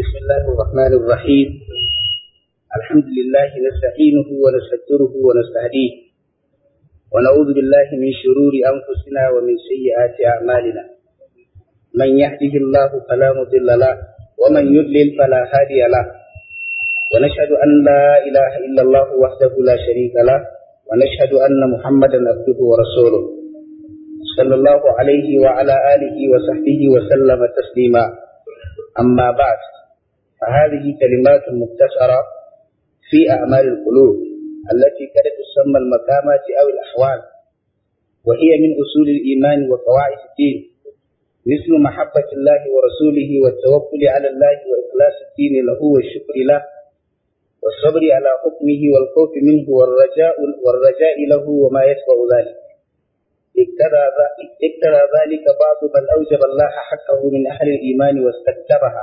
بسم الله الرحمن الرحيم الحمد لله نستعينه ونستغفره ونستهديه ونعوذ بالله من شرور أنفسنا ومن سيئات أعمالنا من يهده الله فلا مضل له ومن يضلل فلا هادي له ونشهد أن لا إله إلا الله وحده لا شريك له ونشهد أن محمدا عبده ورسوله صلى الله عليه وعلى آله وصحبه وسلم تسليما أما بعد فهذه كلمات مبتكرة في أعمال القلوب التي كانت تسمى المقامات أو الأحوال وهي من أصول الإيمان وقواعد الدين مثل محبة الله ورسوله والتوكل على الله وإخلاص الدين له والشكر له والصبر على حكمه والخوف منه والرجاء والرجاء له وما يتبع ذلك اكترى ذلك بعض من أوجب الله حقه من أهل الإيمان واستكتبها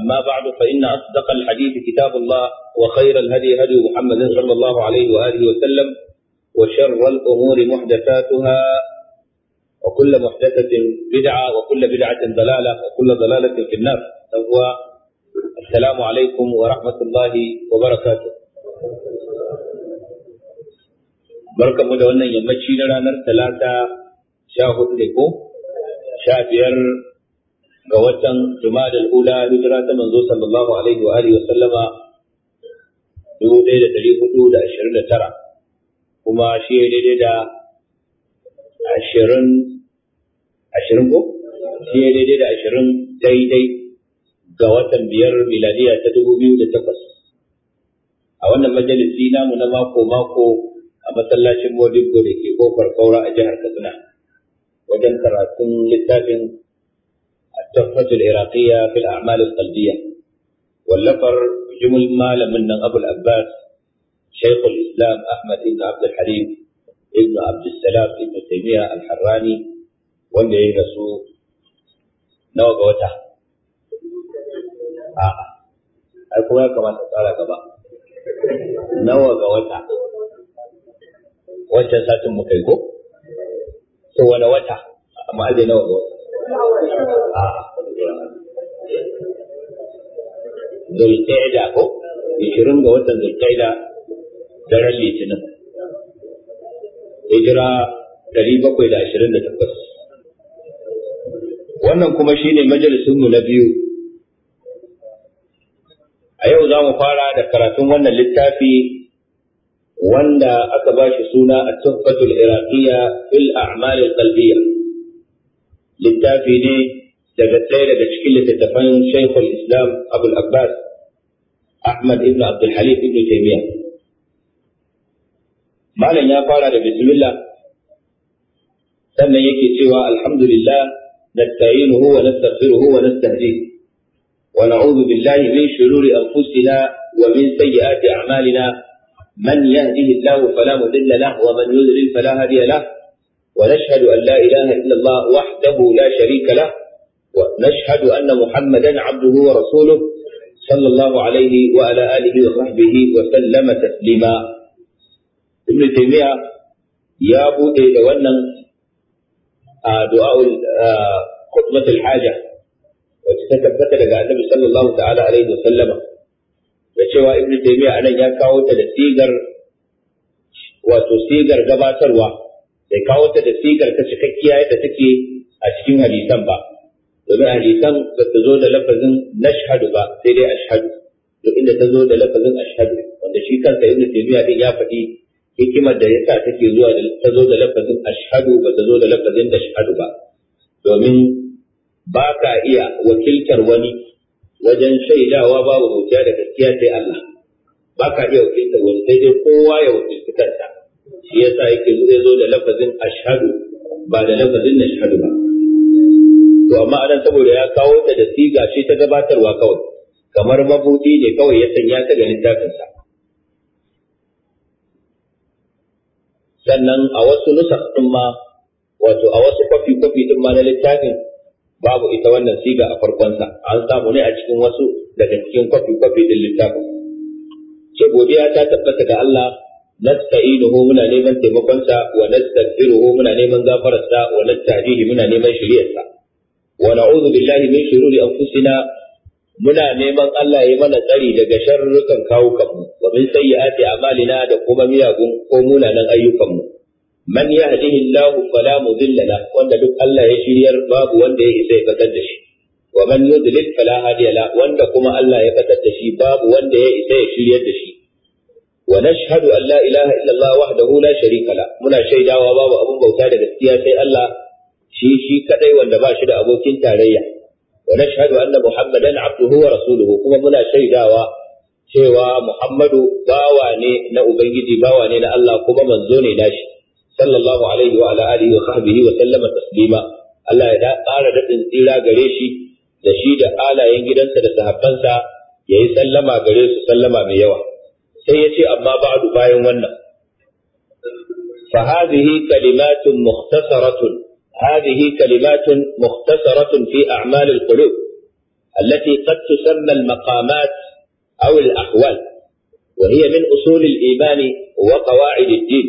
أما بعد فإن أصدق الحديث كتاب الله وخير الهدي هدي محمد صلى الله عليه وآله وسلم وشر الأمور محدثاتها وكل محدثة بدعة وكل بدعة ضلالة وكل ضلالة في النار فهو السلام عليكم ورحمة الله وبركاته بركة مدونة يمشي لنا نرسلاتا شاهد لكم شابير ga watan Jumada al-Ula hijira ta manzo sallallahu alaihi wa alihi wa sallama 1429 kuma shi ne daidai da 20 20 ko shi ne daidai da 20 daidai ga watan biyar miladiya ta 2008 a wannan majalisi namu na mako mako a masallacin modibo da ke kofar kaura a jihar Katsina wajen karatun littafin التحفة العراقية في الأعمال القلبية واللفر جمل ما من أبو العباس شيخ الإسلام أحمد بن عبد الحليم ابن عبد السلام ابن تيمية الحراني wanda ya rasu nawa ga wata a'a ai kuma ya kamata tsara gaba nawa ga wata wancan satin mu kai ko to wani wata amma dai nawa ga wata zulqaida ko 20 ga watan zulqaida daren litinin hijira takwas. wannan kuma shi ne majalisunmu na biyu a yau za mu fara da karatun wannan littafi wanda aka ba shi suna a tuhfatul iraqiyya fil a'mal al-qalbiyya littafi ne daga ɗaya daga cikin littattafan Shaikhul Islam Abul Abbas Ahmad ibn Abdul Halim ibn Taymiya Malam ya fara da bismillah sannan yake cewa alhamdulillah nasta'inuhu wa nastaghfiruhu wa nastahdihi ونعوذ بالله من شرور أنفسنا ومن سيئات أعمالنا من يهده الله فلا مضل له ومن يضلل فلا هادي له ونشهد أن لا إله إلا الله وحده لا شريك له ونشهد أن محمدا عبده ورسوله صلى الله عليه وعلى آله وصحبه وسلم تسليما ابن تيمية يا أبو دولنا دعاء خطبة الحاجة وتتثبت لك النبي صلى الله تعالى عليه وسلم فشوى ابن تيمية أنا يا كاوت لسيجر وتسيجر gabatarwa bai kawo ta da sigar ta cikakkiya yadda take a cikin hadisan ba domin hadisan ba ta zo da lafazin nashhadu ba sai dai ashhadu to inda ta zo da lafazin ashhadu wanda shi kansa ibnu taymiya din ya faɗi hikimar da yasa take zuwa da ta zo da lafazin ashhadu ba ta zo da lafazin nashhadu ba domin ba ka iya wakiltar wani wajen shaidawa babu hujja da gaskiya sai Allah ba ka iya wakiltar wani sai dai kowa ya wakilci kansa shi yasa yake zai zo da lafazin ashhadu ba da lafazin nashhadu ba to amma anan saboda ya kawo ta da siga shi ta gabatarwa kawai kamar mabudi ne kawai ya sanya ta ga littafinsa sannan a wasu nusak ɗin ma wato a wasu kwafi kwafi ɗin ma na littafin babu ita wannan siga a farkonsa an samu ne a cikin wasu daga cikin kwafi kwafi ɗin littafin ce godiya ta tabbata ga Allah nasta'inuhu muna neman taimakonsa wa nastaghfiruhu muna neman gafararsa wa nasta'dihi muna neman shiriyarsa wa na'udhu billahi min shururi anfusina muna neman Allah ya mana tsari daga sharrukan kawukanmu wa min sayyiati a'malina da kuma miyagun ko munanan ayyukanmu man yahdihillahu fala mudilla la wanda duk Allah ya shiryar babu wanda ya isa ya fatar da shi wa man yudlil fala hadiya la wanda kuma Allah ya fatar da shi babu wanda ya isa ya shiryar da shi ونشهد أن لا إله إلا الله وحده لا شريك له منا شيدا وبابا أبو بوتا دا sai Allah shi kadai wanda ba shi da abokin tarayya ونشهد أن محمدا عبده ورسوله kuma muna shaidawa cewa Muhammadu bawa ne na Ubangiji bawa ne na Allah kuma manzo ne nashi sallallahu alaihi wa ala wa sahbihi wa sallama taslima Allah ya ƙara daɗin tsira gare shi da shi da alayen gidansa da sahabbansa yayi sallama gare su sallama mai yawa sai ya ce amma ba'du bayan wannan fa hadhihi kalimatun mukhtasaratun hadhihi kalimatun mukhtasaratun fi a'mal al-qulub allati qad tusamma al-maqamat aw al-ahwal wa hiya min usul al-iman wa qawa'id ad-din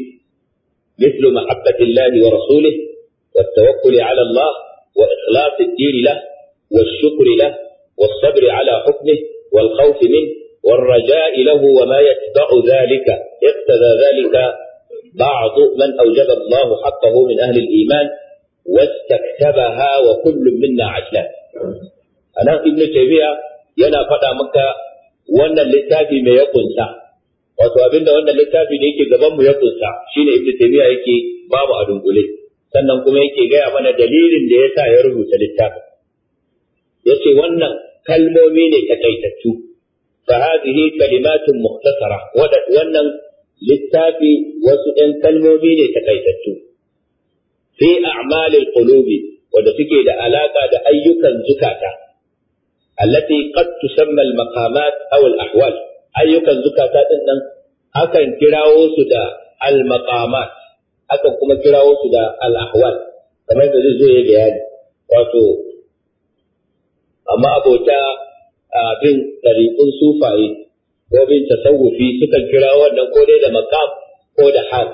mithlu mahabbati allah wa wa wa rasulihi ala ikhlas محبة din lahu wa على shukr lahu wa له sabr ala hukmihi wa al-khawf minhu والرجاء له وما يتبع ذلك اقتضى ذلك بعض من أوجب الله حقه من أهل الإيمان واستكتبها وكل منا عجلان أنا ابن تيمية yana faɗa maka wannan littafi mai ya kunsa wato abinda wannan littafi da yake mu ya kunsa shine ibnu taymiya yake babu a dunkule sannan kuma yake gaya mana dalilin da yasa ya rubuta littafin yace wannan kalmomi ne takaitattu فهذه كلمات مختصرة ولن للتافي وسئن كلمومين تكيتتو في أعمال القلوب ودفكي دا علاقة دا أيكا زكاتا التي قد تسمى المقامات أو الأحوال أيكا زكاتا إنن أكن كراوس دا المقامات أكن كما كراوس دا الأحوال كما يقول زوية بيان واتو أما أبوتا abin ɗariƙun sufaye ko bin tasawufi sukan kira wannan ko dai da makam ko da hal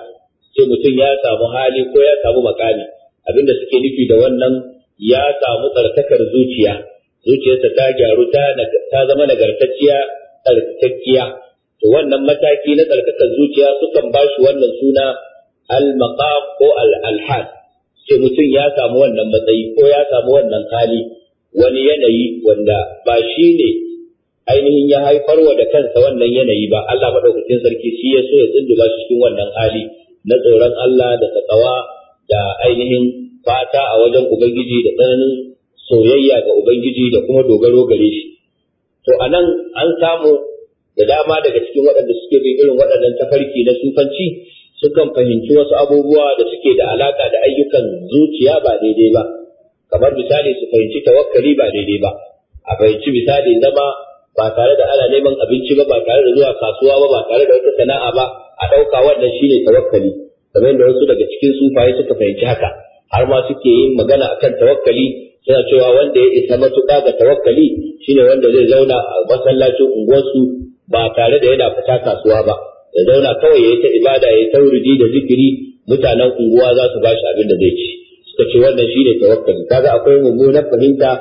ce mutum ya samu hali ko ya samu makami abinda suke nufi da wannan ya samu tsartakar zuciya zuciyarsa ta gyaru ta zama nagartacciya tsarkakkiya to wannan mataki na tsarkakar zuciya sukan ba shi wannan suna al-maqam ko al-hal ce mutum ya samu wannan matsayi ko ya samu wannan hali wani yanayi wanda ba shi ne ainihin ya haifarwa da kansa wannan yanayi ba Allah maɗaukacin sarki shi ya so ya tsunduba shi cikin wannan hali na tsoron Allah da tsatsawa da ainihin fata a wajen Ubangiji da tsananin soyayya ga Ubangiji da kuma dogaro gare shi. To a nan an samu da dama daga cikin waɗanda suke bin irin waɗannan tafarki na sufanci sukan fahimci wasu abubuwa da suke da alaƙa da ayyukan zuciya ba daidai ba. kamar misali su fahimci tawakkali ba daidai ba a fahimci misali zama ba tare da ana neman abinci ba ba tare da zuwa kasuwa ba ba tare da wata sana'a ba a ɗauka wannan shine tawakkali kamar da wasu daga cikin sufaye suka fahimci haka har ma suke yin magana akan tawakkali suna cewa wanda ya isa matuƙa ga tawakkali shine wanda zai zauna a masallacin unguwarsu ba tare da yana fita kasuwa ba ya zauna kawai ya yi ta ibada ya yi tauridi da zikiri mutanen unguwa za su ba shi abin da zai ci ta ce wannan ne tawakkali kaga akwai mummunar fahimta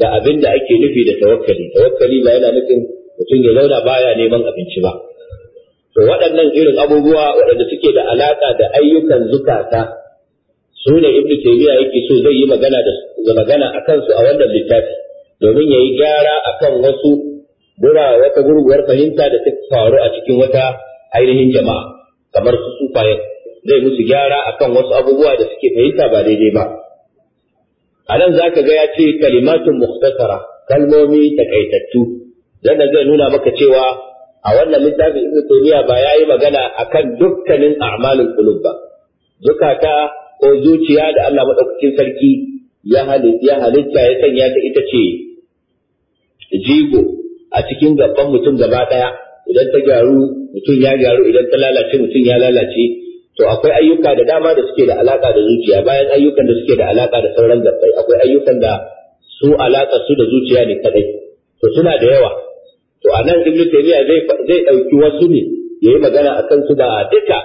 da abin da ake nufi da tawakkali tawakkali ba yana nufin mutum ya zauna baya neman abinci ba to waɗannan irin abubuwa waɗanda suke da alaƙa da ayyukan zukata su ne ibnu taymiya yake so zai yi magana da magana akan su a wannan littafi domin yayi gyara akan wasu gura wata gurguwar fahimta da ta faru a cikin wata ainihin jama'a kamar su sufayen zai musu gyara akan wasu abubuwa da suke fahimta ba daidai ba a nan za ka ga ya ce kalimatun muktasara kalmomi takaitattu dan da zai nuna maka cewa a wannan littafin Ibn ba ba yi magana akan dukkanin amalin kulub ba zukata ko zuciya da Allah madaukakin sarki ya halitta ya sanya ta ita ce jigo a cikin gaban mutum gaba daya idan ta gyaru mutum ya gyaru idan ta lalace mutum ya lalace to akwai ayyuka da dama da suke da alaka da zuciya bayan ayyukan da suke da alaka da sauran gabbai akwai ayyukan da su alaka su da zuciya ne kadai to suna da yawa to anan ibnu taymiya zai zai dauki wasu ne yayi magana akan su ba duka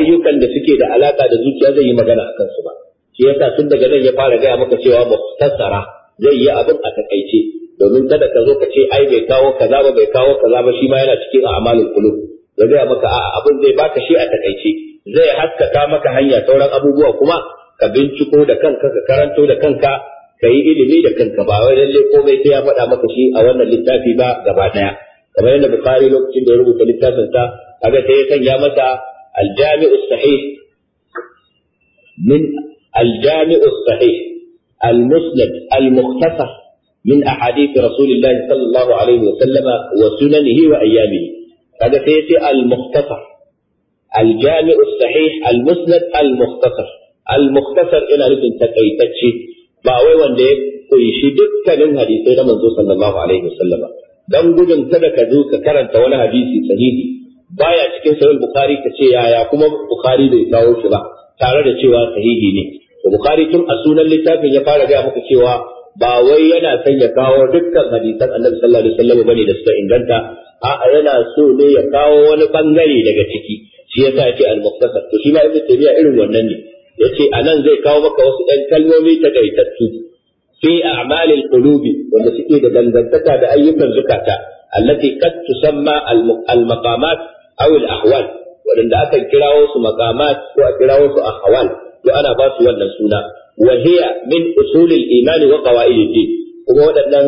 ayyukan da suke da alaka da zuciya zai yi magana akan su ba shi yasa tun daga nan ya fara gaya maka cewa muhtasara zai yi abin a takaice domin kada ka zo ka ce ai bai kawo kaza ba bai kawo kaza ba shi ma yana cikin a'malul qulub ya gaya maka a'a abin zai baka shi a takaice zai haskaka maka hanya sauran abubuwa kuma ka binciko da kanka ka karanto da kanka ka yi ilimi da kanka ba wai lalle komai sai ya faɗa maka shi a wannan littafi ba gaba ɗaya kamar yadda bukari lokacin da ya rubuta littafin sa kaga sai ya sanya masa aljami'u sahih min aljami'u sahih المسند المختصر من أحاديث رسول الله صلى الله عليه وسلم وسننه وأيامه هذا سيأتي المختصر الجامع الصحيح المسند المختصر المختصر ina nufin takaitacce ba wai wanda ya kunshi dukkanin hadisai na manzo sallallahu alaihi wasallam dan gudun kada ka zo ka karanta wani hadisi sahihi baya cikin sahih bukhari ka ce yaya kuma bukhari bai kawo shi ba tare da cewa sahihi ne to bukhari tun a sunan littafin ya fara gaya maka cewa ba wai yana son ya kawo dukkan hadisan annabi sallallahu alaihi wasallam bane da suka inganta a'a yana so ne ya kawo wani bangare daga ciki shi yasa yace al to shi ma ibnu taymiya irin wannan ne yace anan zai kawo maka wasu ɗan kalmomi takaitattu fi a'malil qulubi wanda suke da dangantaka da ayyukan zukata allati qad tusamma al-maqamat aw al-ahwal wadanda akan kirawo su maqamat ko a kirawo su ahwal to ana ba su wannan suna wa hiya min usulil imani wa qawaidihi kuma waɗannan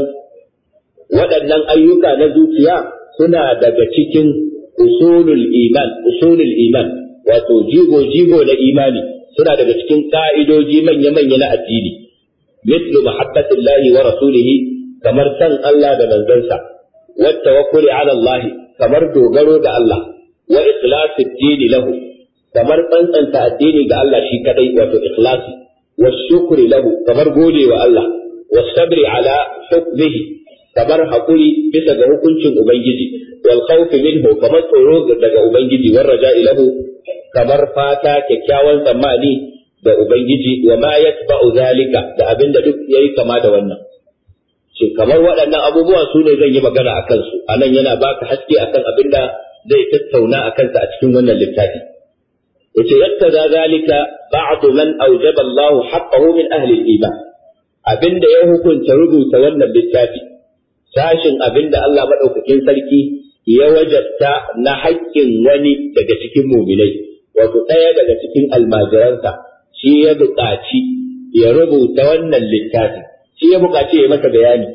waɗannan ayyuka na zuciya suna daga cikin usulul iman usulul iman wato jigo jigo na imani suna daga cikin ka'idoji manya manya na addini mithlu mahabbatillahi wa rasulihi kamar san Allah da manzansa wa tawakkuli ala Allah kamar dogaro da Allah wa ikhlasu dini lahu kamar tsantsanta addini ga Allah shi kadai wato ikhlasi wa shukri lahu kamar gode wa Allah wa sabri ala hukmihi kamar haƙuri bisa ga hukuncin ubangiji wal khawf minhu kamar tsoro daga ubangiji war raja ilahu kamar fata kyakkyawan tsammani da ubangiji wa ma yatba'u zalika da abinda duk yayi kama da wannan ce kamar waɗannan abubuwa sune ne zan yi magana a kansu anan yana baka haske akan abinda zai tattauna a kansa a cikin wannan littafi yace yattaza zalika ba'd man awjaba Allah haqqahu min ahli al-iman abinda ya hukunta rubuta wannan littafi sashin abinda Allah maɗaukakin sarki ya wajabta na haƙƙin wani daga cikin muminai wato ɗaya daga cikin almajiransa shi ya buƙaci ya rubuta wannan littafin shi ya buƙaci ya yi masa bayani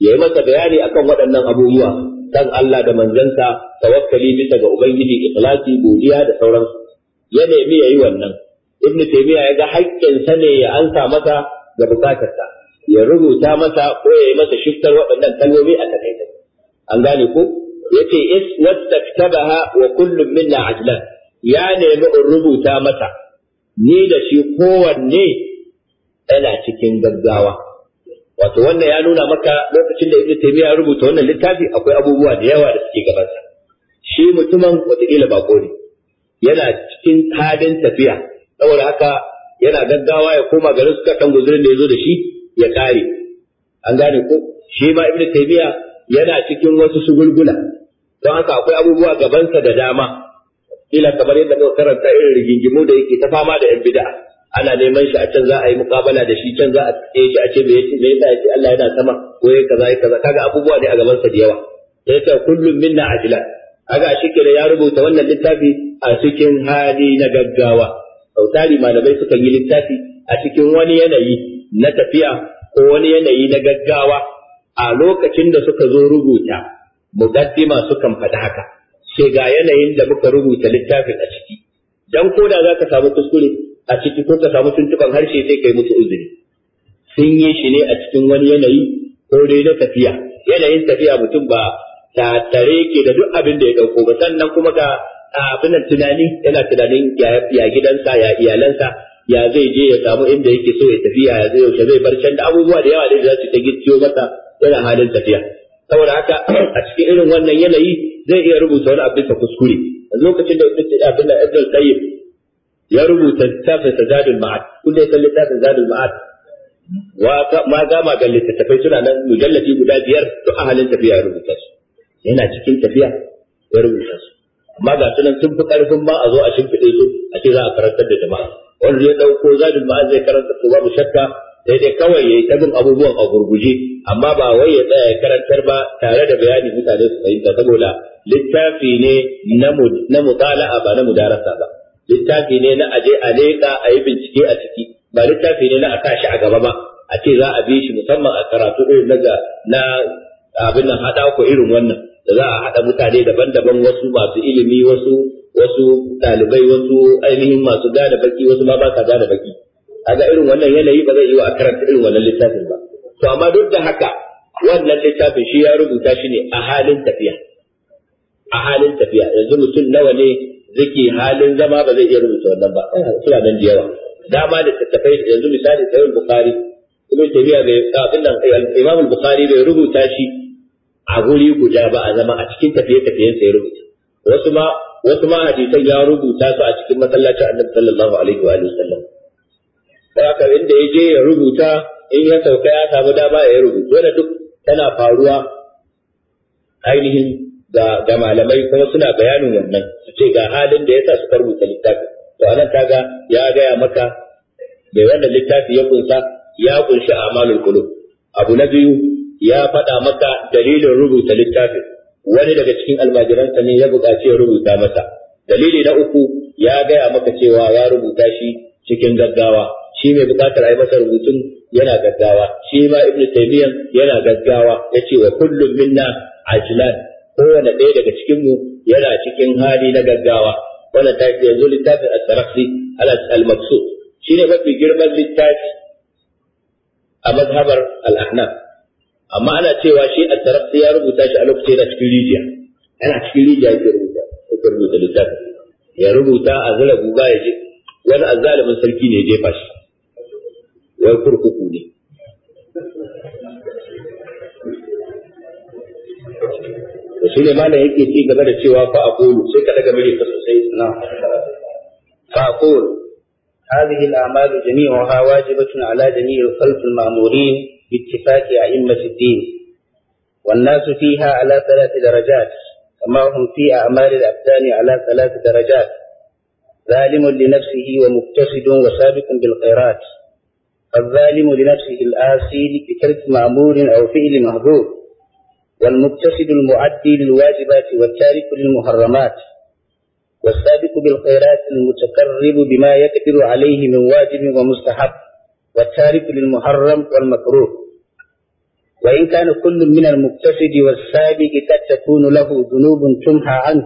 ya yi masa bayani akan waɗannan abubuwa kan Allah da manzansa tawakkali bisa ga ubangiji ikhlasi godiya da sauransu ya nemi ya yi wannan ibn taymiya ya ga sa ne ya ansa masa ga bukatarsa ya rubuta masa ko ya yi masa shiftar waɗannan kalmomi a takaice an gane ko yace is wattaktabaha wa kullum minna ajlan ya nemi in rubuta mata, ni da shi kowanne yana cikin gaggawa wato wannan ya nuna maka lokacin da ibnu taymiya ya rubuta wannan littafi akwai abubuwa da yawa da suke gabansa shi mutumin wataƙila bako ne yana cikin halin tafiya saboda haka yana gaggawa ya koma garin suka kan guzurin da ya zo da shi ya kare an gane ko shi ma ibnu taymiya yana cikin wasu shugulgula don haka akwai abubuwa gabansa da dama kila kamar yadda muka karanta irin rigingimu da yake ta fama da yan bid'a ana neman shi a can za a yi muƙabala da shi can za a tsaye shi a ce me yake me yasa yake Allah yana sama ko yake kaza yake kaza kaga abubuwa ne a gabansa da yawa sai ta kullum minna ajla kaga a da ya rubuta wannan littafi a cikin hali na gaggawa tari malamai suka yi littafi a cikin wani yanayi na tafiya ko wani yanayi na gaggawa a lokacin da suka zo rubuta muqaddima sukan faɗi haka sai ga yanayin da muka rubuta littafin a ciki dan koda za ka samu kuskure a ciki ko ka samu tuntuban harshe sai kai musu uzuri sun yi shi ne a cikin wani yanayi ko dai na tafiya yanayin tafiya mutum ba ta tare ke da duk abin da ya dauko ba sannan kuma ga abin tunani yana tunanin ya gidansa ya iyalansa ya zai je ya samu inda yake so ya tafiya ya zai yaushe zai bar can da abubuwa da yawa da za su ta gicciyo masa yana halin tafiya saboda haka a cikin irin wannan yanayi zai iya rubuta wani abin ta kuskure A lokacin da ibn abin da ibn qayyim ya rubuta littafin zadul ma'ad kun dai san littafin zadin ma'ad ma ma ga littattafai suna nan mujallafi guda biyar to ahalin tafiya ya rubuta su yana cikin tafiya ya rubuta su amma ga sunan sun fi karfin ma a zo a shimfiɗe su a ce za a karantar da jama'a wanda ya ɗauko zadin ma'ad zai karanta su babu shakka sai dai kawai yayi ta bin abubuwan a gurguje amma ba wai ya tsaya ya karantar ba tare da bayani mutane su fahimta saboda littafi ne na mutala'a ba na mudarasa ba littafi ne na aje a leƙa a yi bincike a ciki ba littafi ne na a kashi a gaba ba a ce za a bi shi musamman a karatu irin na abin nan haɗa ko irin wannan da za a haɗa mutane daban-daban wasu masu ilimi wasu wasu ɗalibai wasu ainihin masu gane baki wasu ma ba ka gane baki kaga irin wannan yanayi ba zai yi wa a karanta irin wannan littafin ba to amma duk da haka wannan littafin shi ya rubuta shi ne a halin tafiya a halin tafiya yanzu mutum nawa ne zake halin zama ba zai iya rubuta wannan ba suna nan da yawa dama da tattafai yanzu misali sai bukhari ibn tabiya bai abin nan imam bukhari bai rubuta shi a guri guda ba a zama a cikin tafiye tafiyen sai ya rubuta wasu ma wasu ma hadisan ya rubuta su a cikin masallacin annabi sallallahu alaihi wa sallam haka inda ya je ya rubuta in ya sauka ya samu dama ya rubuta wanda duk tana faruwa ainihin ga malamai kuma suna bayanin wannan su ce ga halin da yasa suka rubuta littafin to anan kaga ya gaya maka bai wannan littafi ya kunsa ya kunshi amalul qulub abu na biyu ya faɗa maka dalilin rubuta littafin wani daga cikin almajiransa ne ya buƙaci ya rubuta masa dalili na uku ya gaya maka cewa ya rubuta shi cikin gaggawa shi mai bukatar ai masa rubutun yana gaggawa shi ma ibnu taymiyan yana gaggawa yace wa kullum minna ajlan kowane ɗaya daga cikin mu yana cikin hali na gaggawa wannan ta ce yanzu littafin at-tarafi al-maqsud shine mafi girman littafi a mazhabar al-ahnaf amma ana cewa shi at-tarafi ya rubuta shi a lokacin yana cikin rijiya yana cikin rijiya yake rubuta yake rubuta littafin ya rubuta a zira guga ya je wani azzalimin sarki ne ya jefa shi wai kurkuku ne to shi ne malam yake ci gaba da cewa fa aqulu sai ka daga miji ka sosai na fa aqulu hadhihi al-a'malu jami'uha wajibatun ala jami'il khalq al-ma'murin bi ittifaqi a'immati ad-din والناس فيها على ثلاث درجات كما هم في أعمال الأبدان على ثلاث درجات ظالم لنفسه ومقتصد وسابق بالخيرات الظالم لنفسه الآسي بترك مأمور أو فعل مهجور والمقتصد المعدي للواجبات والتارك للمحرمات والسابق بالخيرات المتقرب بما يقدر عليه من واجب ومستحب والتارك للمحرم والمكروه وإن كان كل من المقتصد والسابق قد تكون له ذنوب تمحى عنه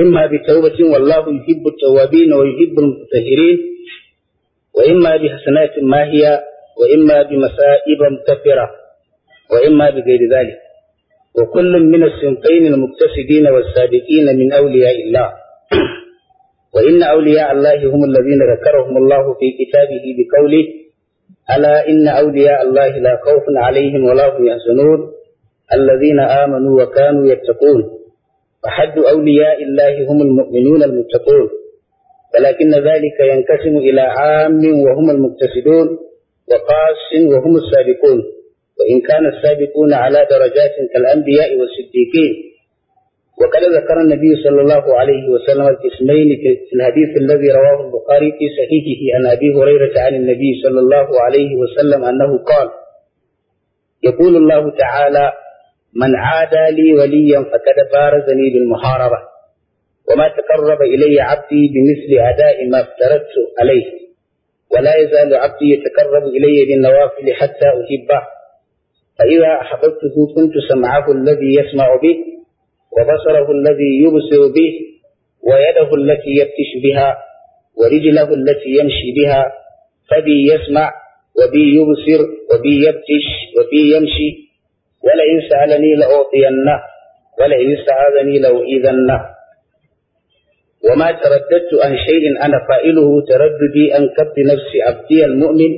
إما بتوبة والله يحب التوابين ويحب المتطهرين وإما بحسنات ماهية وإما بمسائب مكفرة وإما بغير ذلك وكل من السنقين المقتصدين والسابقين من أولياء الله وإن أولياء الله هم الذين ذكرهم الله في كتابه بقوله ألا إن أولياء الله لا خوف عليهم ولا هم يحزنون الذين آمنوا وكانوا يتقون وحد أولياء الله هم المؤمنون المتقون ولكن ذلك ينقسم إلى عام وهم المقتصدون وقاس وهم السابقون وإن كان السابقون على درجات كالأنبياء والصديقين وقد ذكر النبي صلى الله عليه وسلم القسمين في الحديث الذي رواه البخاري في صحيحه عن أبي هريرة عن النبي صلى الله عليه وسلم أنه قال يقول الله تعالى من عادى لي وليا فقد بارزني بالمحاربة وما تقرب إلي عبدي بمثل أداء ما افترضت عليه ولا يزال عبدي يتقرب إلي بالنوافل حتى أحبه فإذا أحببته كنت سمعه الذي يسمع به وبصره الذي يبصر به ويده التي يبتش بها ورجله التي يمشي بها فبي يسمع وبي يبصر وبي يبتش وبي يمشي ولئن سألني لأعطينه ولئن استعاذني لأؤيذنه وما ترددت عن شيء أنا فائله ترددي عن كبت نفس عبدي المؤمن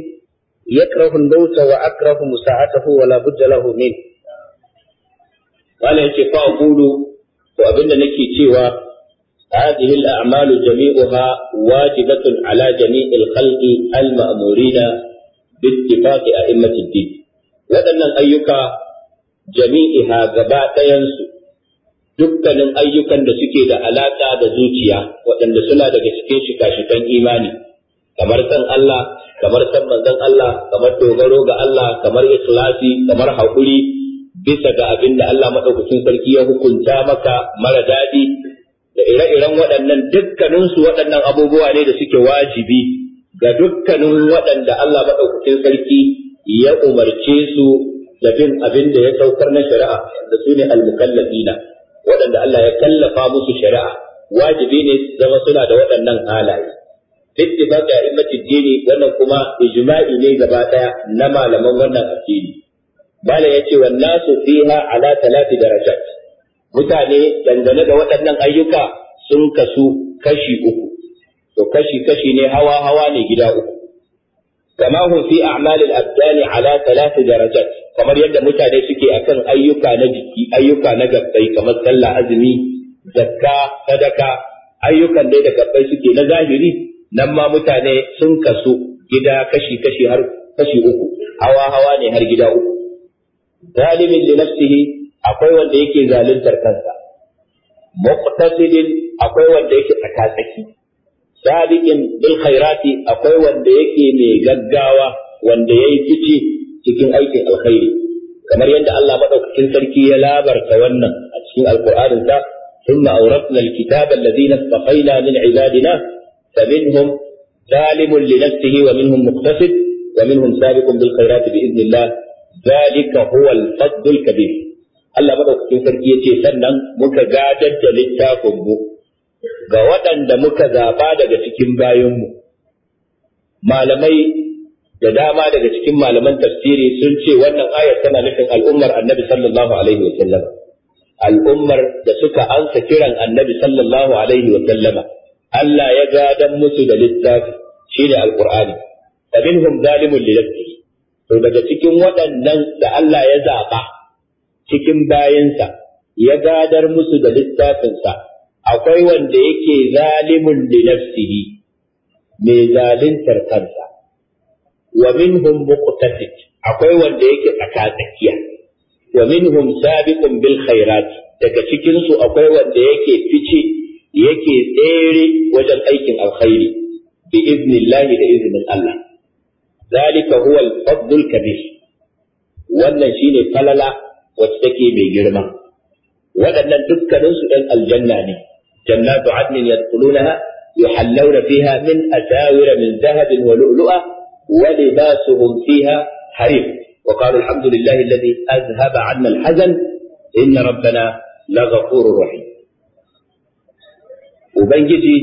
يكره الموت وأكره مساعته ولا بد له منه قال يكي فأقول وأبن نكي تيوى هذه الأعمال جميعها واجبة على جميع الخلق المأمورين باتفاق أئمة الدين waɗannan ayyuka jami'iha gaba ɗayansu dukkanin ayyukan da suke da alaƙa da zuciya waɗanda suna daga cikin shika-shikan imani kamar san Allah kamar san manzon Allah kamar dogaro ga Allah kamar ikhlasi kamar haƙuri bisa ga abin da Allah maɗaukacin sarki ya hukunta maka mara daɗi da ire-iren waɗannan dukkaninsu waɗannan abubuwa ne da suke wajibi ga dukkanin waɗanda Allah maɗaukacin sarki ya umarce su da bin abin da ya saukar na shari'a da su ne almukallafina waɗanda Allah ya kallafa musu shari'a wajibi ne zama suna da waɗannan halaye ittifaqi a immatin dini wannan kuma ijma'i ne gaba daya na malaman wannan addini bala yace wan nasu fiha ala talati darajat mutane dangane da waɗannan ayyuka sun kasu kashi uku to kashi kashi ne hawa hawa ne gida uku kama hum fi a'malil abdani ala talati darajat kamar yadda mutane suke akan ayyuka na jiki ayyuka na gabbai kamar sallah azumi zakka sadaka ayyukan dai da gabbai suke na zahiri nan ma mutane sun kasu gida kashi kashi har kashi uku hawa hawa ne har gida uku zalimin li nafsihi akwai wanda yake zaluntar kansa muqtasidin akwai wanda yake tsakatsaki sadiqin bil khairati akwai wanda yake mai gaggawa wanda yayi fice cikin aikin alkhairi kamar yadda Allah madaukakin sarki ya labarta wannan a cikin alqur'anin sa thumma awratna alkitaba alladhina istafayna min ibadina faminhum zalimun li nafsihi wa minhum muqtasid wa minhum sabiqun bil khairati bi idnillah zalika huwa al-fadl kabir Allah madaukakin sarki yace sannan muka gadar da littafin mu ga waɗanda muka zaba daga cikin mu malamai da dama daga cikin malaman tafsiri sun ce wannan ayar tana nufin al'ummar annabi sallallahu alaihi wa sallam al'ummar da suka ansa kiran annabi sallallahu alaihi wa sallama Allah ya gadan musu da littafi shine alqur'ani fa minhum zalimun li nafsihi to daga cikin waɗannan da Allah ya zaba cikin bayansa ya gadar musu da littafinsa akwai wanda yake zalimun li nafsihi mai zalintar kansa wa minhum akwai wanda yake tsaka tsakiya wa minhum sabiqun bil khairat daga cikin su akwai wanda yake fice yake tsere wajen aikin alkhairi bi iznillahi da iznin Allah zalika huwa al-fadl kabir wannan shine falala wacce take mai girma waɗannan dukkanin su aljanna ne jannatu adnin yadkhulunaha yuhallawna fiha min asawira min dhahabin wa lu'lu'a ولباسهم فيها حرير وقالوا الحمد لله الذي أذهب عنا الحزن إن ربنا لغفور رحيم وبنجي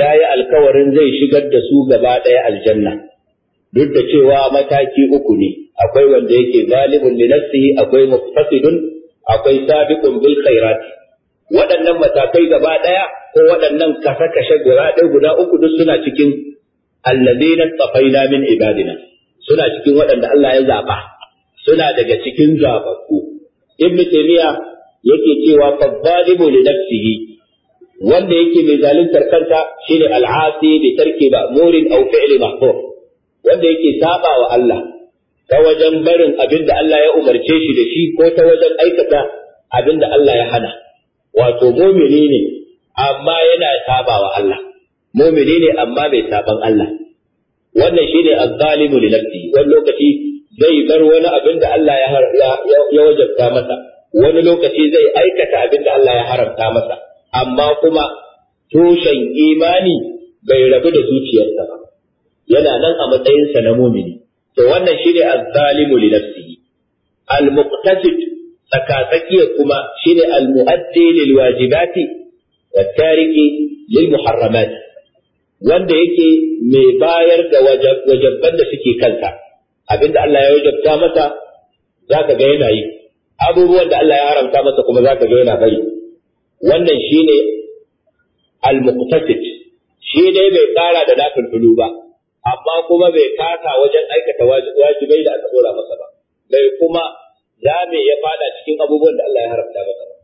يا يا الكورن زي شجر دسوق بعد يا الجنة ضد شوى متاكي كي أقوي وندي ظالم لنفسه أقوي مفسد أقوي سابق بالخيرات ولا نم متى بعد يا هو لا نم كفك شجر بعد وبناء أكون السنة allazina tafaina min ibadina suna cikin waɗanda Allah ya zaɓa. suna daga cikin zababbu ibnu taymiya yake cewa fadhalimu li nafsihi wanda yake mai zaluntar kansa shine al'asi bi tarki ma'murin aw fi'li mahzur wanda yake saba wa Allah ta wajen barin abin da Allah ya umarce shi da shi ko ta wajen aikata abin da Allah ya hana wato mumini ne amma yana saba wa Allah mumini ne amma bai saban Allah wannan shine az-zalimu li wani lokaci zai bar wani abin da Allah ya wajabta masa wani lokaci zai aikata abin da Allah ya haramta masa amma kuma tushen imani bai rabu da zuciyarsa ba yana nan a matsayinsa na mumini to wannan shine az-zalimu li nafsihi al-muqtasid tsakatsakiya kuma shine al-mu'addi lil wajibati wat-tariki lil muharramat wanda yake mai bayar da wajabban da suke kanta, abinda Allah ya wajabta masa za ka ga yana yi abubuwan da Allah ya haramta masa kuma za ka ga yana bari wannan shine al-muqtasid shi dai bai tsara da nafilfilu ba amma kuma bai kata wajen aikata wajibai da aka dora masa ba bai kuma zame ya fada cikin abubuwan da Allah ya haramta masa ba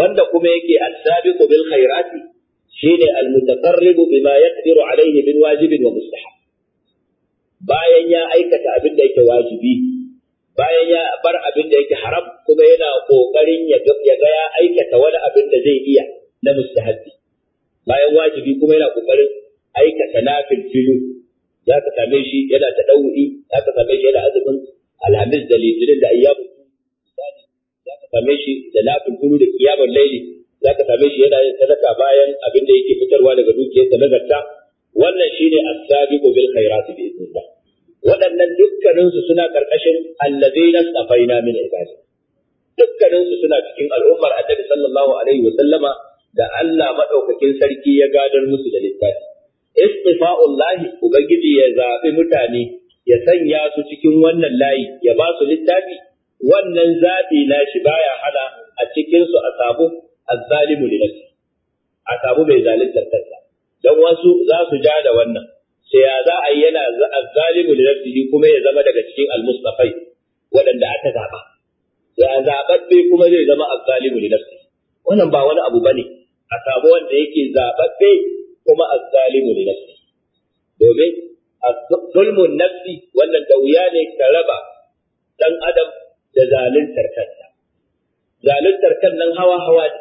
wanda kuma yake al sabiqu bil khairati shine almutaqarribu bima yaqdiru alayhi min wajibin wa mustahab bayan ya aikata abin da yake wajibi bayan ya bar abin da yake haram kuma yana kokarin ya ga ya aikata wani abin da zai iya na mustahabbi bayan wajibi kuma yana kokarin aikata nafil filu za ka same shi yana ta ɗau'i za ka same shi yana azumin alhamis da litinin da ayyamu za ka same shi da nafil filu da kiyamar laili za ka same shi yana yin sadaka bayan abin da yake fitarwa daga dukiyarsa na zakka wannan shine as-sabiqu bil khairat bi idnillah waɗannan dukkaninsu suna karkashin allazina safaina min ibadi dukkaninsu suna cikin al'ummar annabi sallallahu alaihi wa sallama da Allah madaukakin sarki ya gadar musu da littafi istifa'ullahi ubangiji ya zaɓi mutane ya sanya su cikin wannan layi ya ba su littafi wannan zaɓi na shi baya hada a cikinsu a samu azzalimu li nafsi a samu mai zaluntar kansa dan wasu za su ja da wannan sai ya za a yi yana azzalimu li nafsihi kuma ya zama daga cikin almustafai waɗanda aka zaba ya zaɓaɓɓe kuma zai zama azzalimu li nafsi wannan ba wani abu bane a samu wanda yake zaɓaɓɓe kuma azzalimu li nafsi domin zulmun nafsi wannan da wuya ne ka raba dan adam da zaluntar kansa zaluntar kan nan hawa hawa ne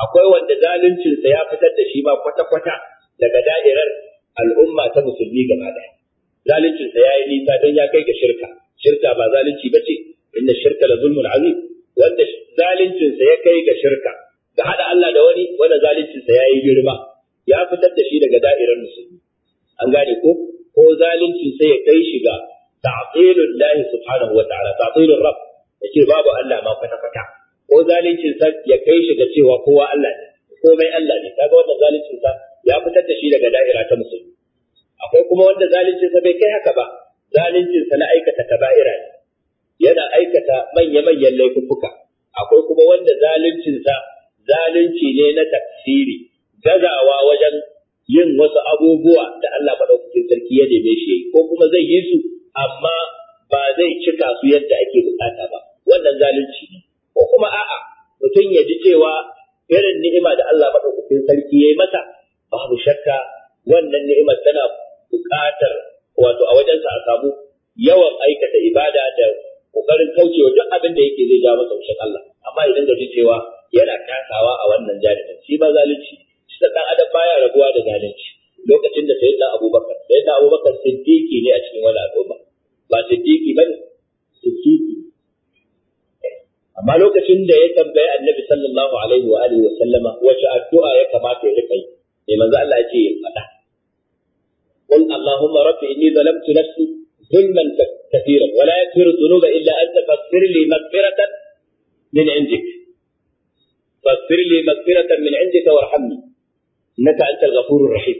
akwai wanda zaluncinsa ya fitar da shi ba kwata-kwata daga da'irar al'umma ta musulmi gaba ɗaya. Zaluncinsa ya yi nisa don ya kai ga shirka, shirka ba zalunci ba ce, inda shirka da zulmun azim, wanda zaluncinsa ya kai ga shirka, ga haɗa Allah da wani wanda zaluncinsa ya yi girma, ya fitar da shi daga da'irar musulmi. An gane ko? Ko zaluncinsa ya kai shi ga ta'atilun lahi subhanahu wa ta'ala, ta'atilun rab, ya ce babu Allah ma kwata-kwata. ko zalincin ya kai shi ga cewa kowa Allah ne komai Allah ne kaga wannan zalincin sa ya fitar da shi daga da'ira ta musulmi akwai kuma wanda zalincin bai kai haka ba zalincin na aikata kaba'ira ne yana aikata manya-manyan laifuffuka akwai kuma wanda zalincin zalunci ne na tafsiri gazawa wajen yin wasu abubuwa da Allah maɗaukakin sarki ya neme shi ko kuma zai yi su amma ba zai cika su yadda ake bukata ba wannan zalunci ne ko kuma a'a mutum ya ji cewa irin ni'ima da Allah madaukakin sarki yayi masa babu shakka wannan ni'imar tana buƙatar wato a wajensa a samu yawan aikata ibada da kokarin kaucewa duk abin da yake zai ja masa fushin Allah amma idan da cewa yana kasawa a wannan janibin shi ba zalunci shi da dan adam baya rabuwa da zalunci lokacin da sayyidina Abubakar sayyidina Abubakar siddiqi ne a cikin wani al'umma ba siddiqi bane siddiqi amma lokacin da ya tambayi annabi sallallahu alaihi wa alihi wa sallama wace addu'a ya kamata ya rika yi sai manzo Allah ya ce ya faɗa qul allahumma rabbi inni zalamtu nafsi zulman kathiran wa la yaghfiru dhunuba illa anta faghfir li maghfiratan min 'indik faghfir li maghfiratan min 'indika warhamni innaka antal ghafurur rahim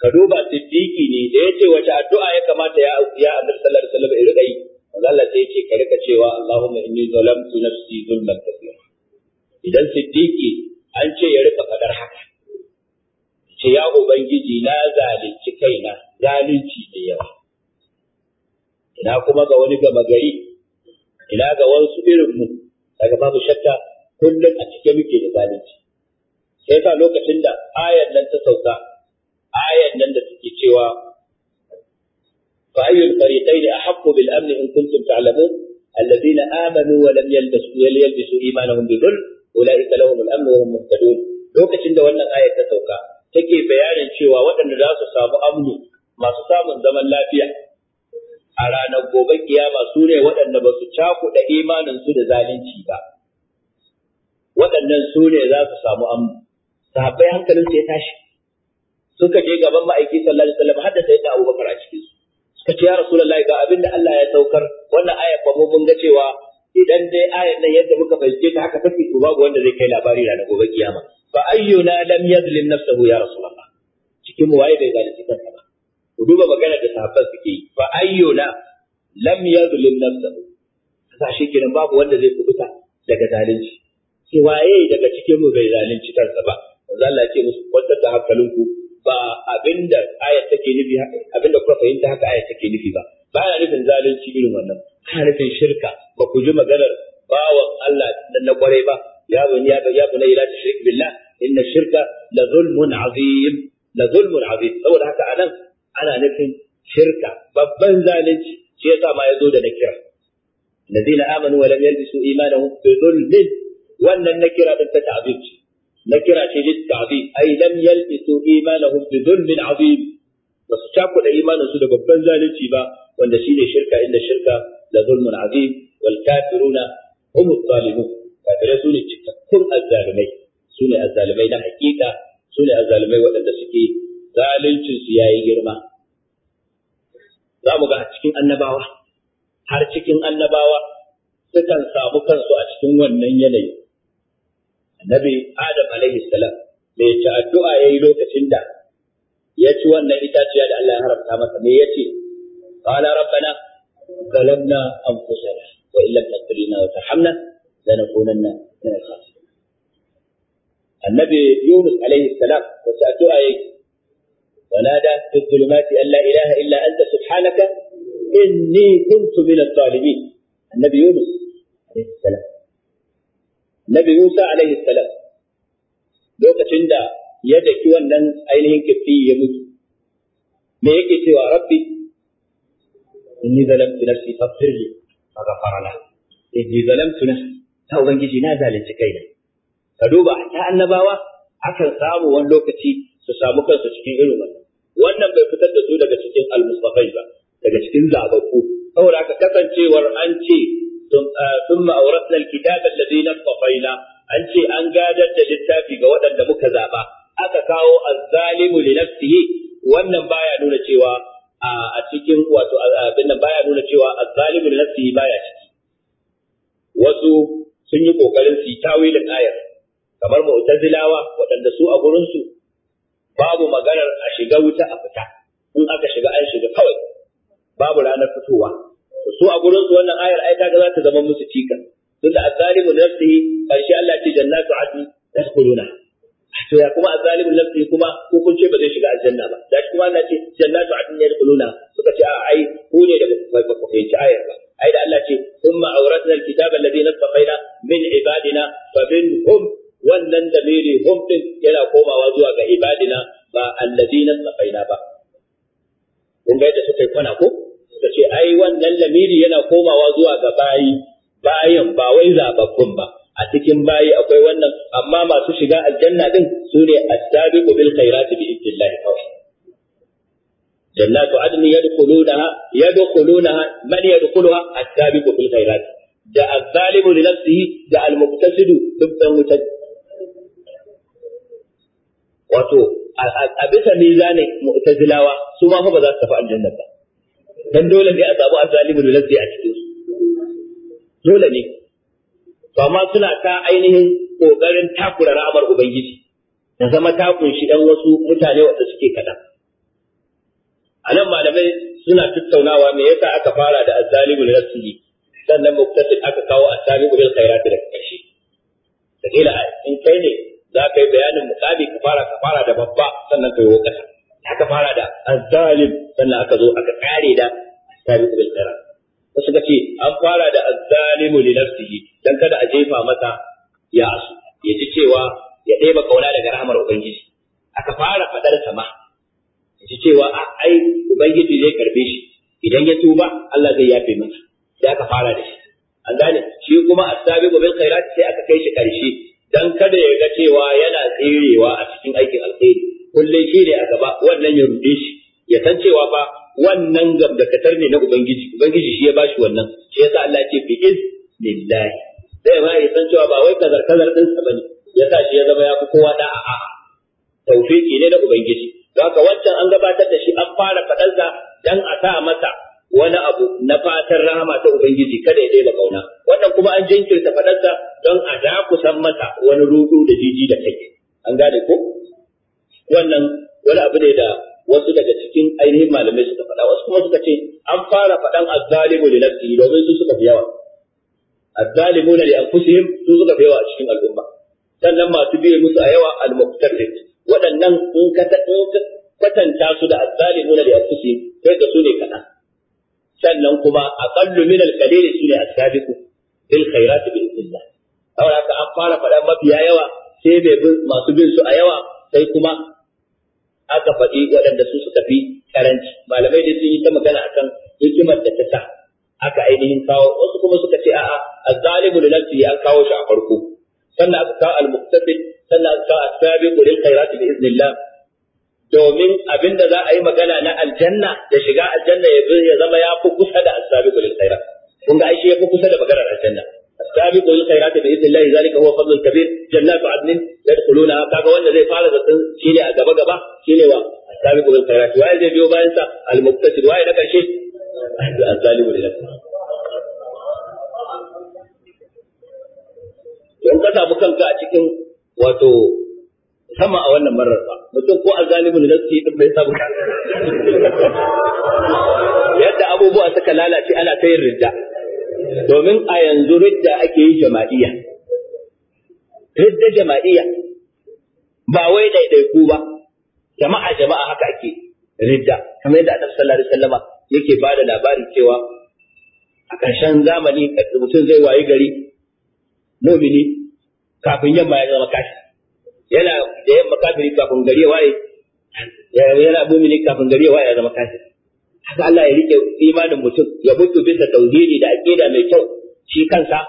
ka duba siddiqi ne da yace wace addu'a ya kamata ya ya annabi sallallahu alaihi wa sallam ya rika yi Allah sai yake ka rika cewa Allahumma inni zalamtu nafsi zulman kathira idan siddiqi an ce ya rika fadar haka ce ya ubangiji na zalunci kaina zalunci da yawa ina kuma ga wani gama gari ina ga wasu irin mu daga babu shakka kullum a cike muke da zalunci sai ta lokacin da ayan nan ta sauka ayan nan da take cewa فأي الفريقين أحق بالأمن إن كنتم تعلمون الذين آمنوا ولم يلبسوا يلبسوا إيمانهم بظلم أولئك لهم الأمن وهم مهتدون lokacin da wannan ayar ta sauka take bayanin cewa waɗanda za su samu amnu masu samun zaman lafiya a ranar gobe kiyama su ne waɗanda ba su cakuɗa imaninsu da zalunci ba waɗannan su za su samu amnu ya tashi suka je gaban ma'aiki sallallahu alaihi wasallam har da sai da Abubakar a cikin ka ce ya rasulullahi ga abin da Allah ya saukar wannan ayar ba mun ga cewa idan dai ayar nan yadda muka fahimce ta haka take to babu wanda zai kai labari na gobe kiyama fa ayyuna lam yadlim nafsahu ya rasulullah cikin waye bai zalunci kansa ba ku duba magana da sahabban suke yi fa ayyuna lam yadlim nafsahu kasa shi kenan babu wanda zai kubuta daga zalunci sai waye daga cikin mu bai zalunci kansa ba manzo Allah ce musu kwantar da hankalinku ba abinda ayat take nufi abinda kuka fahimta haka ayat take nufi ba ba na nufin zalunci irin wannan ba nufin shirka ba ku ji maganar bawan Allah da na kwarai ba ya bani ya ya bani la tushrik billah inna shirka la zulmun azim la zulmun azim saboda haka anan ana nufin shirka babban zalunci shi yasa ma yazo da nakira الذين امنوا ولم يلبسوا ايمانهم بظلم wannan nakira din ta ta'zib Na nakira ce litta'zim ai lam yalbisu imanahum bi dhulmin azim ba su cakuɗa imaninsu da babban zalunci ba wanda shine shirka inda shirka la zulmun azim wal kafiruna hum zalimun kafirai su ne cikakkun azzalimai su ne azzalimai na hakika su ne azzalimai waɗanda suke zaluncin su yayi girma za mu ga cikin annabawa har cikin annabawa sukan samu kansu a cikin wannan yanayin. Nabi Adam alaihi salam mai ta addu'a yayi lokacin da ya ci wannan itaciya da Allah ya haramta masa me yace qala rabbana zalamna anfusana wa illam taghfir lana wa tarhamna lanakunanna min al-khasirin Annabi Yunus alaihi salam wata addu'a yayi ونادى في الظلمات أن ilaha illa anta subhanaka inni kuntu min من الظالمين Annabi Yunus alaihi salam Nabi Musa alaihi salam lokacin da ya daki wannan ainihin kifi ya mutu me yake cewa rabbi inni zalamtu nafsi faghfir li faghfara la inni zalamtu nafsi ta ubangiji na zalunci kaina ka duba ta annabawa akan samu wani lokaci su samu kansu cikin irin wannan wannan bai fitar da su daga cikin almustafai ba daga cikin zababbu saboda ka kasancewar an ce ثم أورثنا الكتاب الذين اصطفينا أنشي أن قادة جتافي قوة دمك زابا أتكاو الظالم لنفسه wannan baya nuna cewa a cikin wato abin baya nuna cewa azzalimu nafsihi baya ciki wasu sun yi kokarin su tawilin ayar kamar mu'tazilawa waɗanda su a gurin su babu maganar a shiga wuta a fita in aka shiga an shiga kawai babu ranar fitowa su a gurin su wannan ayar ai kaga za ta zama musu cika tunda azzalimu nafsihi karshe Allah ce jannatu adni tadkhuluna to ya kuma azzalimu nafsihi kuma ko kun ce ba zai shiga aljanna ba da kuma Allah ce jannatu adni yadkhuluna suka ce a ai ku ne da ba ku fahimci ayar ba ai da Allah ce thumma awratna alkitaba alladhi nasbaqaina min ibadina fa minhum wannan da mere hum din yana komawa zuwa ga ibadina ba alladhi nasbaqaina ba kun ga da suka yi kwana ko suka ce ai wannan lamiri yana komawa zuwa ga bayi bayan ba wai zababbun ba a cikin bayi akwai wannan amma masu shiga aljanna din su ne as-sabiqu bil khairati bi idnillahi kawai jannatu adni yadkhulunaha yadkhulunaha man yadkhuluha as-sabiqu bil khairati da az-zalimu li nafsihi da al-muqtasidu duk dan wuta wato a bisa mizanin mu'tazilawa su ma fa ba za su tafi aljanna ba dan dole ne a samu azalimin lazzi a cikin su dole ne to amma suna ta ainihin kokarin takura ra'amar ubangiji da zama ta kunshi dan wasu mutane wanda suke kada anan malamai suna tattaunawa me yasa aka fara da azalimin lazzi sannan muktasib aka kawo azalimin bil khairat da kashi da ila in kai ne za ka yi bayanin mukabi ka fara ka fara da babba sannan ka yi wakata aka fara da azzalim sannan aka zo aka kare da astabiqu bil khairat wasu kace an fara da azzalimu li nafsihi dan kada a jefa masa ya asu ya ji cewa ya ɗeba kauna daga rahmar ubangiji aka fara fadar sama ya ji cewa a ai ubangiji zai karbe shi idan ya tuba Allah zai yafe masa sai aka fara da shi an gane shi kuma astabiqu bil khairat sai aka kai shi karshe dan kada ya ga cewa yana tsirewa a cikin aikin alkhairi kullum shi ne a gaba wannan ya ruɗe shi ya san cewa fa wannan gamdakatar ne na ubangiji ubangiji shi ya bashi wannan shi yasa Allah ce bi iz lillahi sai ma ya san cewa ba wai kazar kazar din sa bane yasa shi ya zama ya fi kowa da a'a tawfiki ne na ubangiji haka wancan an gabatar da shi an fara da dan a sa masa wani abu na fatan rahama ta ubangiji kada ya daina kauna wannan kuma an jinkirta da don a dakusan masa wani rudu da jiji da kai an gane ko wannan wani abu ne da wasu daga cikin ainihin malamai suka faɗa wasu kuma suka ce an fara faɗan azzalimu li nafsihi domin su suka fi yawa azzalimuna li anfusihim su suka fi yawa a cikin al'umma sannan masu biye musu a yawa al-muqtarrid waɗannan in ka kwatanta su da azzalimuna li anfusihim sai ka su ne kaɗan sannan kuma aqallu min al-qalil su ne as bil khairat bi idnillah saboda haka an fara faɗan mafiya yawa sai masu bin su a yawa sai kuma aka faɗi waɗanda su suka fi karanci malamai dai sun yi ta magana akan hikimar da ta sa aka ainihin kawo wasu kuma suka ce a'a az-zalimu li nafsihi an kawo shi a farko sannan aka kawo al-muqtasid sannan aka kawo as-sabiqu lil khairati bi idnillah domin abinda za a yi magana na aljanna da shiga aljanna ya zama ya fi kusa da as-sabiqu lil khairat kun ga ai shi ya fi kusa da maganar aljanna السابق للخيرات باذن الله ذلك هو فضل كبير جنات عدن يدخلونها كاغا wanda zai fara zaton shine a gaba gaba shine wa السابق للخيرات waye zai biyo bayan sa al-muqtasid waye da karshe al-zalimu lil in ka samu kanka a cikin wato sama a wannan marar mutum ko azalimin nafsi din bai samu yadda abubuwa suka lalace ana ta yin ridda domin a yanzu ridda ake yi jama'iyya ridda jama'iyya ba wai ɗaiɗaiku ba jama'a jama'a haka ake ridda kamar yadda annabi sallallahu alaihi wasallam yake ba da labarin cewa a ƙarshen zamani mutum zai wayi gari mumini kafin yamma ya zama kashi yana da yamma kafiri kafin gari ya waye yana mumini kafin gari ya waye ya zama kashi haka Allah ya rike imanin mutum ya mutu bisa tauhidi da aqida mai kyau shi kansa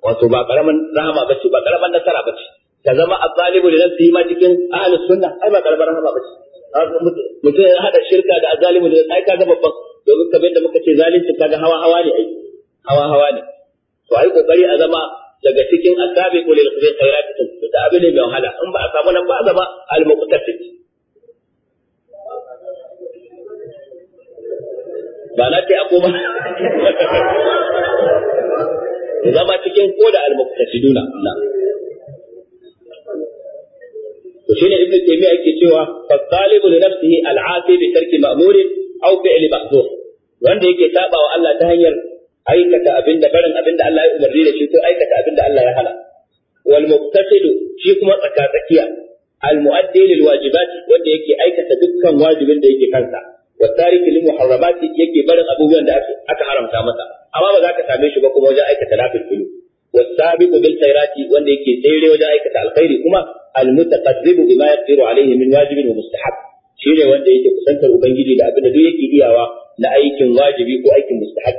wato ba karaman rahama bace ba karaman nasara bace ka zama azalibu da nafsihi ma cikin ahlus sunna ai ba karaman rahama bace mutum ya hada shirka da azalibu da ai kaga babban domin kamar da muka ce zalunci kaga hawa hawa ne ai hawa hawa ne to ai kokari a zama daga cikin asabi kulil khairat da abin mai wahala in ba a samu nan ba a zama al-muqtasid ba na ce ako ba zama cikin ko da almuqtasiduna na to shine ibnu taymiya yake cewa fa talibu li nafsihi al'ati bi tarki ma'mur aw fi'li mahdhur wanda yake saba wa Allah ta hanyar aikata abinda barin abinda Allah ya umarni da shi ko aikata abinda Allah ya hana wal muqtasidu shi kuma tsaka tsakiya al mu'addi lil wajibati wanda yake aikata dukkan wajibin da yake kansa wa tariki lil muharramat yake barin abubuwan da aka haramta masa amma ba za ka same shi ba kuma wajen aikata lafil kullu wa sabiqu bil khairati wanda yake tsere wajen aikata alkhairi kuma al mutaqaddibu bima yaqdiru alayhi min wajibin wa mustahab shine wanda yake kusantar ubangiji da abinda da duk yake iyawa na aikin wajibi ko aikin mustahab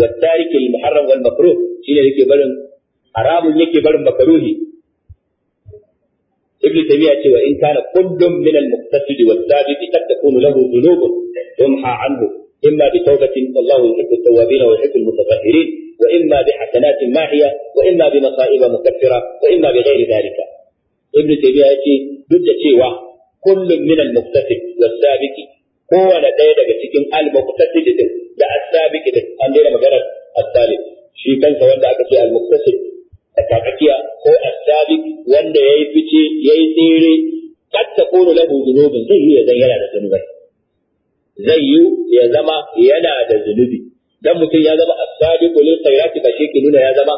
wa tariki lil muharram wal makruh shine yake barin haramun yake barin makruhi ibn taymiya cewa in kana kullum min al-muqtasid wa sabit qad takunu lahu dhunubun tumha anhu imma bi tawbatin wallahu yuhibbu at-tawwabin wa yuhibbu al-mutatahhirin wa imma bi hasanatin mahiya wa imma bi masa'ib mukaffira wa imma bi ghairi dhalika ibn taymiya yace duk da cewa kullum min al-muqtasid wa ɗaya daga cikin al-muqtasid da as-sabit maganar shi kansa wanda aka ce al tsakatsakiya ko asabik wanda ya yi fice ya yi tsere kad ta kono lahu zunubin zai yi ya zan yana da zunubai zai yi ya zama yana da zunubi dan mutum ya zama asabiqu lil khairati ba shi ke nuna ya zama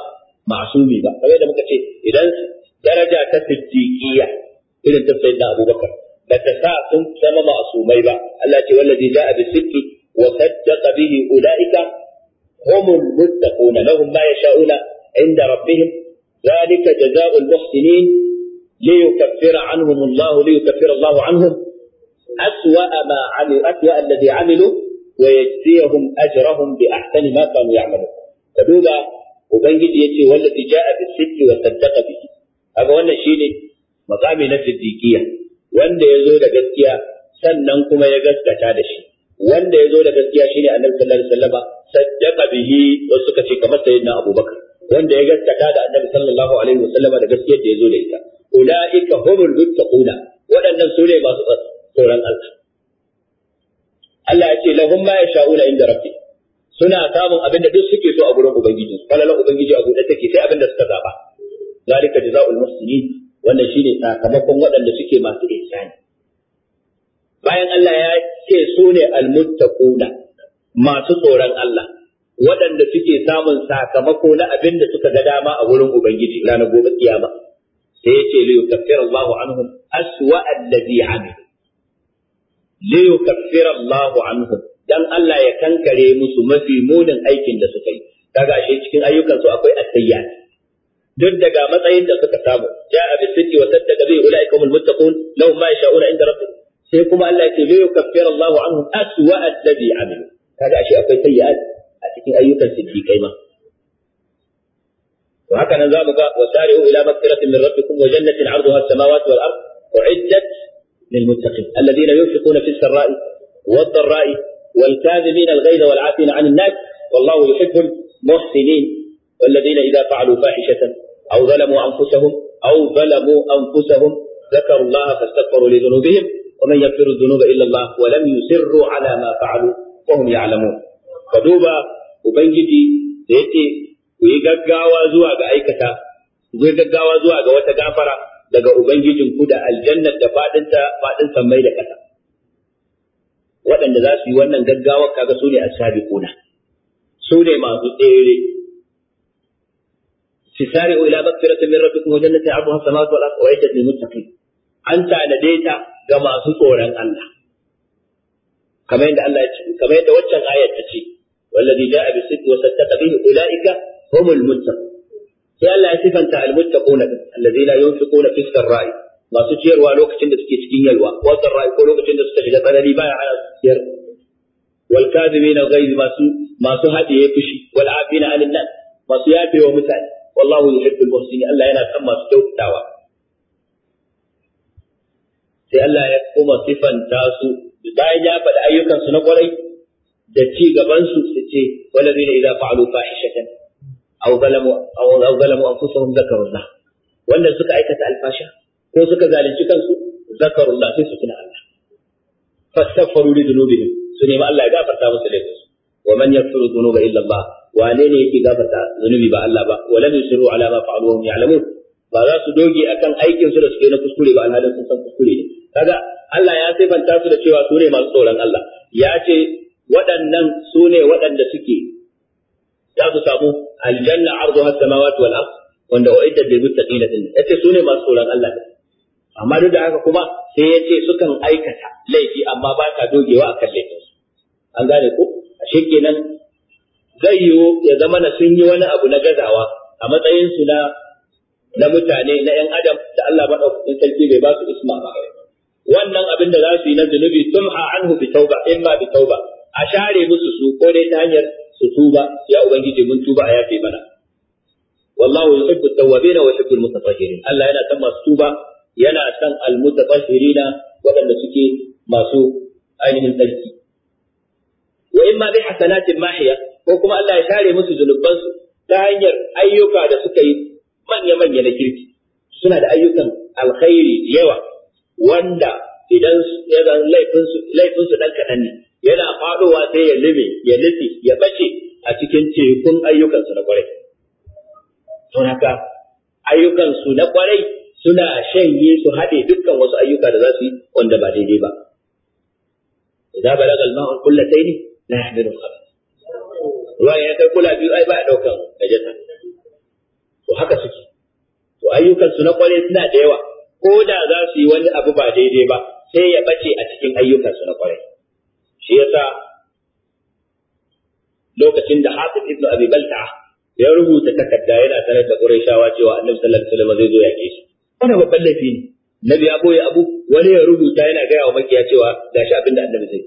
ma'sumi ba kamar da muka ce idan daraja ta siddiqiyya irin ta sayyidina abubakar ba ta sa sun zama ma'sumai ba Allah ce wallazi ja'a bisidqi wa saddaqa bihi ulaika humul muttaquna lahum ma yasha'una inda rabbihim ذلك جزاء المحسنين ليكفر عنهم الله ليكفر الله عنهم أسوأ ما عملوا أسوأ الذي عملوا ويجزيهم أجرهم بأحسن ما كانوا يعملون فدوبا وبنجد يجي والذي جاء بالست وصدق به هذا وانا شيء مقامي نفس الديكية وانا يزول قسكيا sannan kuma ya gaskata da shi wanda ya zo da gaskiya shine annabi sallallahu alaihi wasallama saddaqa bihi wasu suka ce kamar sayyidina abubakar wanda ya gaskata da annabi sallallahu alaihi wasallam da gaskiyar da yazo da ita ulaika humul muttaquna waɗannan su ne masu tsoron Allah Allah ya ce lahum ma yasha'una inda rabbi suna samun abin da duk suke so a gurin ubangiji falalan ubangiji a gurin take sai abin da suka zaba zalika jazaul muhsinin wannan shine sakamakon waɗanda suke masu ihsani bayan Allah ya ce su ne muttaquna masu tsoron Allah waɗanda suke samun sakamako na abin da suka ga dama a wurin Ubangiji ranar gobe kiyama sai yace li yukaffira Allahu anhum aswa allazi amilu li yukaffira Allahu anhum Don Allah ya kankare musu mafi munin aikin da suka yi kaga ashe cikin ayyukan su akwai at-sayyi'at duk daga matsayin da suka samu ja'a bi sidqi wa saddaqa bi ulaika humul muttaqun lahum ma yasha'una inda rabbih sai kuma Allah ya ce li yukaffira Allahu anhum aswa allazi amilu kaga ashe akwai sayyi'at a cikin ayyukan siddiqai ma to haka nan zamu ga wasari'u ila maghfiratin min rabbikum wa jannatin 'arduha as-samawati wal ard u'iddat lil muttaqin alladhina yunfiquna fi fis sarai wad dharai wal kadhibina al ghayza wal 'afina 'anil nas wallahu yuhibbu al muhsinin والذين إذا فعلوا فاحشة أو ظلموا أنفسهم أو ظلموا أنفسهم ذكروا الله فاستغفروا لذنوبهم ومن يغفر الذنوب إلا الله ولم يسروا على ما فعلوا وهم يعلمون ka duba Ubangiji da ya ce, ku yi gaggawa zuwa ga aikata, ku yi gaggawa zuwa ga wata gafara daga Ubangijin ku da aljannar da fadinta fadin mai da ƙasa. Waɗanda za su yi wannan gaggawar kaga su ne a kuna, su ne masu tsere. Si sare o ila bakfira ta mirar tukun wajen na ta abu hasa masu wala a wajen da mutu kai. An tanade ta ga masu tsoron Allah. Kamar yadda Allah ya ce, kamar yadda waccan ayar ta ce, والذي جاء بالصدق وصدق به اولئك هم المتقون في الله يصف انت المتقون الذي لا ينفقون في السراء ما تجير ولوك تند تسكين يلوى والسراء ولوك تند تسكين يلوى الذي بايع على السير والكاذبين الغيظ ما سو ما سو هذه يفشي والعافين عن الناس ما سو يافي ومثال والله يحب المحسنين الله ينا سما سو توا sai Allah ya kuma sifanta su da ya faɗi ayyukansu na ƙwarai da ce ne idza fa'alu fahishatan aw zalamu aw zalamu anfusahum zakarullah wanda suka aikata alfasha ko suka zalunci kansu zakarullah sai su tuna Allah fastaghfiru li dhunubihim su nemi Allah ya gafarta musu laifinsu wa man yaghfiru dhunuba illa Allah wane ne yake gafarta zunubi ba Allah ba wa lam yusiru ala ma fa'alu wa ya'lamun ba za su doge akan aikin su da suke na kuskure ba alhalin sun san kuskure ne kaga Allah ya sifanta su da cewa su ne masu tsoron Allah ya ce waɗannan su ne waɗanda suke za su samu aljanna ardu has samawati wal ard wanda wa'idda bil muttaqin din yace su ne masu tsoron Allah amma duk da haka kuma sai yace sukan aikata laifi amma ba ka dogewa akan laifin su an gane ko ashe kenan zai yiwu ya zama na sun yi wani abu na gazawa a matsayin su na na mutane na yan adam da Allah madaukakin sarki bai ba su isma ba wannan abin da za su yi na zunubi tumha anhu bi tauba imma bi tauba a share musu su ko dai ta hanyar su tuba ya ubangiji mun tuba a yafe mana wallahu yuhibbu at-tawwabina wa yuhibbu al-mutatahhirin Allah yana san masu tuba yana san al-mutatahhirina waɗanda suke masu ainihin tsarki wa imma bi hasanatin mahiya ko kuma Allah ya share musu zunubansu ta hanyar ayyuka da suka yi manya-manya na kirki suna da ayyukan alkhairi yawa wanda idan laifinsu ɗan kaɗan ne yana faɗowa sai ya lime ya lifi ya bace a cikin tekun ayyukansu na kwarai don haka ayyukansu na kwarai suna shanye su haɗe dukkan wasu ayyuka da za su yi wanda ba daidai ba idza balaga al-ma'u kullatayn la yahmilu al-khabath ruwa ya kai kula biyu ai ba daukan najasa to haka suke to ayyukan su na kware suna da yawa ko da za su yi wani abu ba daidai ba sai ya bace a cikin ayyukan su na kware shi yasa lokacin da Hafiz ibn Abi Balta ya rubuta takarda yana sanar da Qurayshawa cewa Annabi sallallahu alaihi wasallam zai zo yake shi wani babban laifi ne Nabi ya abu wani ya rubuta yana gaya wa makiya cewa gashi abin da Annabi zai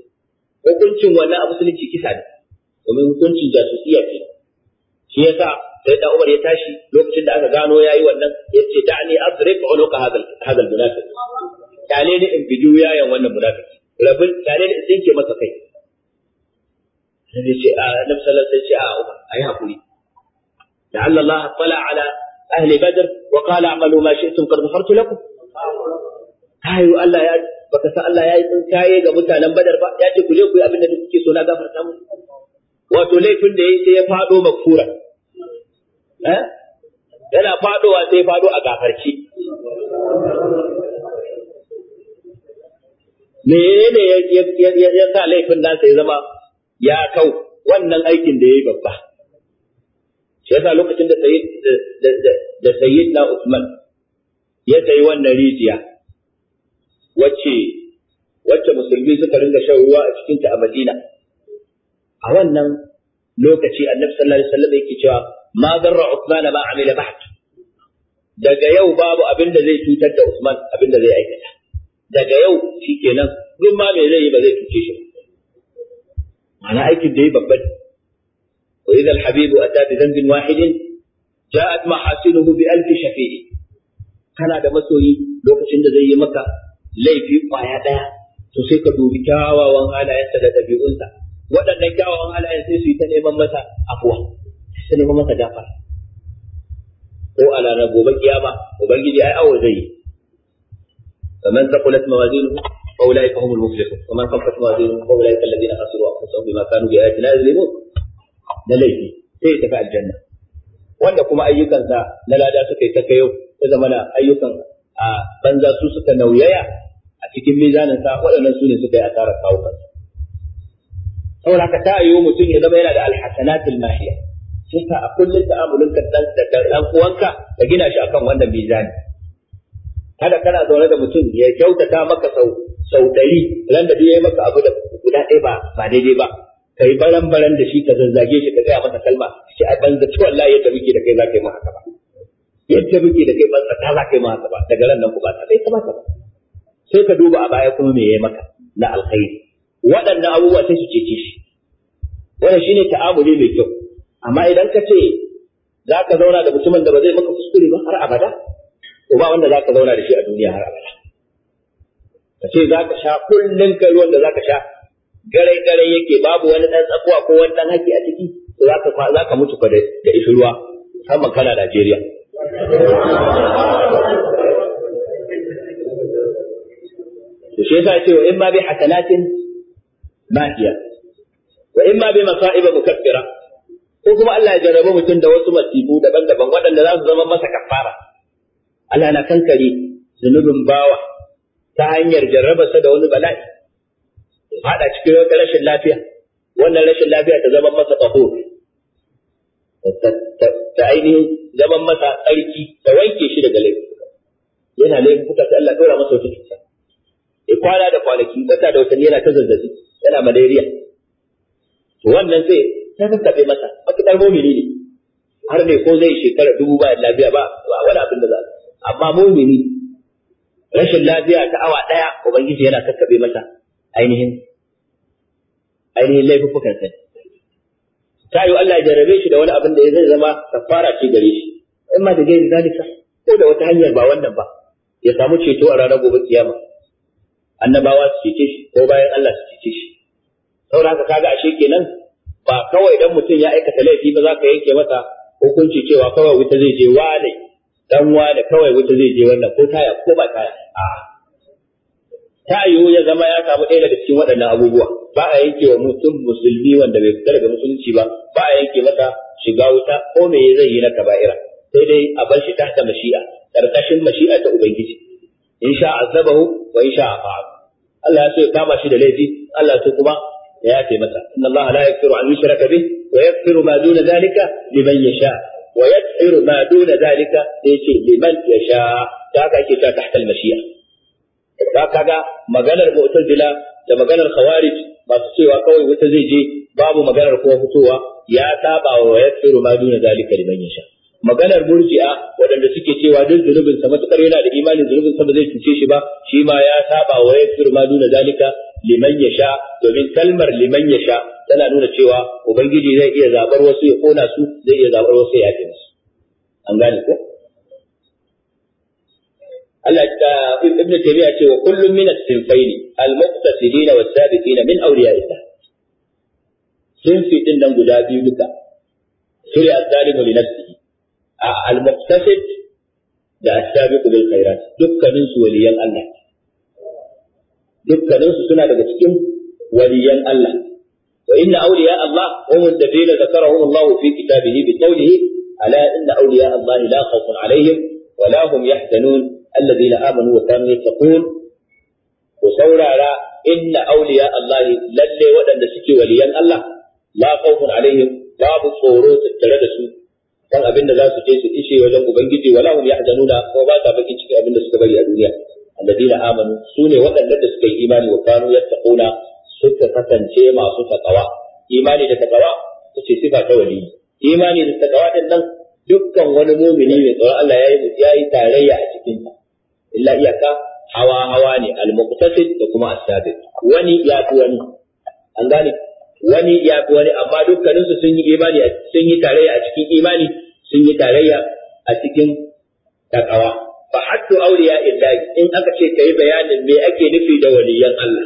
hukuncin wannan abu sun ci kisa ne domin hukuncin jasusiya ce shi yasa sai da Umar ya tashi lokacin da aka gano yayi wannan yace da'ani azrik unuka hadal hadal munafiq dale ne in bidiyo yayan wannan munafiki rabin tare da tsinke masa kai sai ce a annabi sallallahu alaihi wasallam ce a Umar ayi hakuri da Allah Allah tala ala ahli badr wa qala amalu ma shi'tum qad ghafartu lakum ayu Allah ya baka san Allah ya yi kaye ga mutanen Badar ba ya ce ku je ku yi abin da kuke so na gafarta muku wato laifin da yayi sai ya fado makura. eh yana fadowa sai fado a gafarci menene ya sa laifin nasa ya zama ya kau wannan aikin da ya yi babba shi yasa lokacin da sayyid da sayyid na Usman ya sayi wannan rijiya wacce wacce musulmi suka ringa shan ruwa a cikinta a Madina a wannan lokaci annabi sallallahu alaihi wasallam yake cewa ma darra Usman ma amila ba'd daga yau babu abin da zai cutar da Usman abin da zai aikata daga yau shi kenan duk ma mai zai yi ba zai cuce shi ma'ana aikin da yi babba ne wa idan habibu a tafi dhanbin wahidin ja'at mahasinuhu bi alfi shafi'i kana da masoyi lokacin da zai yi maka laifi kwaya daya to sai ka dubi kyawawan halayensa da dabi'unsa waɗannan kyawawan halayen sai su yi ta neman masa afuwa ta neman masa gafara ko a ranar gobe kiyama ubangiji ai awo zai yi فمن ثقلت موازينه فاولئك هم المفلحون ومن خفت موازينه فاولئك الذين خسروا انفسهم بما كانوا باياتنا يظلمون da laifi sai ya tafi aljanna wanda kuma ayyukansa na lada suka yi ta kayo ta zama na ayyukan a banza su suka nauyaya a cikin mizanin waɗannan su ne suka yi asarar kawukan saboda haka ta yiwu mutum ya zama yana da alhasanatul mahiya shi sa a kullum ta'amulin ka da dan uwanka ka gina shi akan wannan mizani kada kana zaune da mutum ya kyautata maka sau sau ɗari ran da yi maka abu da guda ɗaya ba ba daidai ba kai baran baran da shi ka zazzage shi ka gaya masa kalma shi a banza ci wallahi yadda muke da kai za ka yi mu haka ba yadda muke da kai banza ta za ka yi mu haka ba daga ran nan ku ba ta kai ka ba ta ba sai ka duba a baya kuma me yayi maka na alkhairi waɗannan abubuwa sai su cece shi wannan shine ta'amuli mai kyau amma idan ka ce za ka zauna da mutumin da ba zai maka kuskure ba har abada to ba wanda ka zauna da shi a duniya har abada ka ce za ka sha kullun ka ruwan da ka sha gare-gare yake babu wani ɗan tsakuwa ko wani ɗan haki a ciki za ka mutu ka da ishi ruwa musamman kana Najeriya to shi yasa ce wa in ma bi hasanatin bahiya wa in ma bi masa'iba mukaffira ko kuma Allah ya jarrabe mutum da wasu masibu daban-daban waɗanda za su zama masa kafara Allah na kankare zunubin bawa ta hanyar sa da wani bala'i haɗa cikin wata rashin lafiya wannan rashin lafiya ta zama masa ƙaho ta ainihin zaman masa tsarki ta wanke shi daga laifuka yana laifuka sai Allah ɗora masa wata cuta ya kwana da kwanaki kasa da watanni yana ta zazzabi yana malaria to wannan sai ta kakkaɓe masa matuƙar momini ne har ne ko zai shekara dubu ba lafiya ba wani abin da za amma mumini rashin lafiya ta awa ɗaya ubangiji yana kakkabe masa ainihin ainihin laifuffukan sa ta yi Allah ya jarabe shi da wani abin da zai zama kafara ce gare shi in ma da gairi zalika ko da wata hanyar ba wannan ba ya samu ceto a ranar gobe kiyama annabawa su cece shi ko bayan Allah su cece shi saboda haka kaga ashe kenan ba kawai dan mutum ya aikata laifi ba za ka yanke masa hukunci cewa kawai wuta zai je wale dan wani kawai wuta zai je wannan ko taya ko ba taya a ta yiwu ya zama ya samu ɗaya daga cikin waɗannan abubuwa ba a yanke wa mutum musulmi wanda bai fita daga musulunci ba ba a yanke masa shiga wuta ko me zai yi na kaba'ira sai dai a bar shi tahta mashi'a karkashin mashi'a ta ubangiji in sha azabahu wa in sha afa'a Allah ya so ya kama shi da laifi Allah so kuma ya yafe masa inna Allah la yaghfiru an yushraka bih wa yaghfiru ma duna zalika liman yasha wa yadhiru ma duna zalika sai ce liman yasha da haka yake ta tahta al-mashi'a da kaga maganar mu'tazila da maganar khawarij masu cewa kawai wuta zai je babu maganar kuma fitowa ya sabawa wa yadhiru ma duna zalika liman yasha maganar murji'a waɗanda suke cewa duk zunubin sa matukar yana da imanin zunubin sa ba zai cuce shi ba shi ma ya saba wa yadhiru ma duna zalika liman yasha domin kalmar liman yasha tana nuna cewa ubangiji zai iya zabar wasu ya kona su zai iya zabar wasu ya yafe musu an gane ko Allah uh, ibn Taymiyyah ce wa kullum min as-sinfaini al-muqtasidina was-sabiqina min awliya'illah sinfi din nan guda biyu duka suri az-zalimu li nafsihi al-muqtasid da as-sabiqu bil khairat dukkanin su waliyan Allah dukkanin su suna daga cikin waliyan Allah wa inna awliya Allah hum alladhina zakarahum Allah fi kitabihi bi qawlihi ala inna awliya Allah la khawfun Alayhim wa la hum yahzanun alladhina amanu wa kanu yattaqun ku saurara inna awliya Allah lalle waɗanda suke waliyan Allah la khawfun Alayhim babu tsoro tattare da su kan abinda za su je su ishe wajen ubangiji wala hum yahzanuna ko ba ta bakin cikin abinda suka bari a duniya alladina amanu sune waɗanda da suka yi imani wa kanu yattaquna suka kasance masu takawa imani da takawa ita ce sifa ta wali imani da takawa din nan dukkan wani mumini mai tsoron Allah yayi yayi tarayya a cikin ta illa iyaka hawa hawa ne al da kuma wani ya fi wani wani ya fi wani amma dukkaninsu sun yi imani sun yi tarayya a cikin imani sun yi tarayya a cikin takawa fa haddu awliya illahi in aka ce kai bayanin me ake nufi da waliyan Allah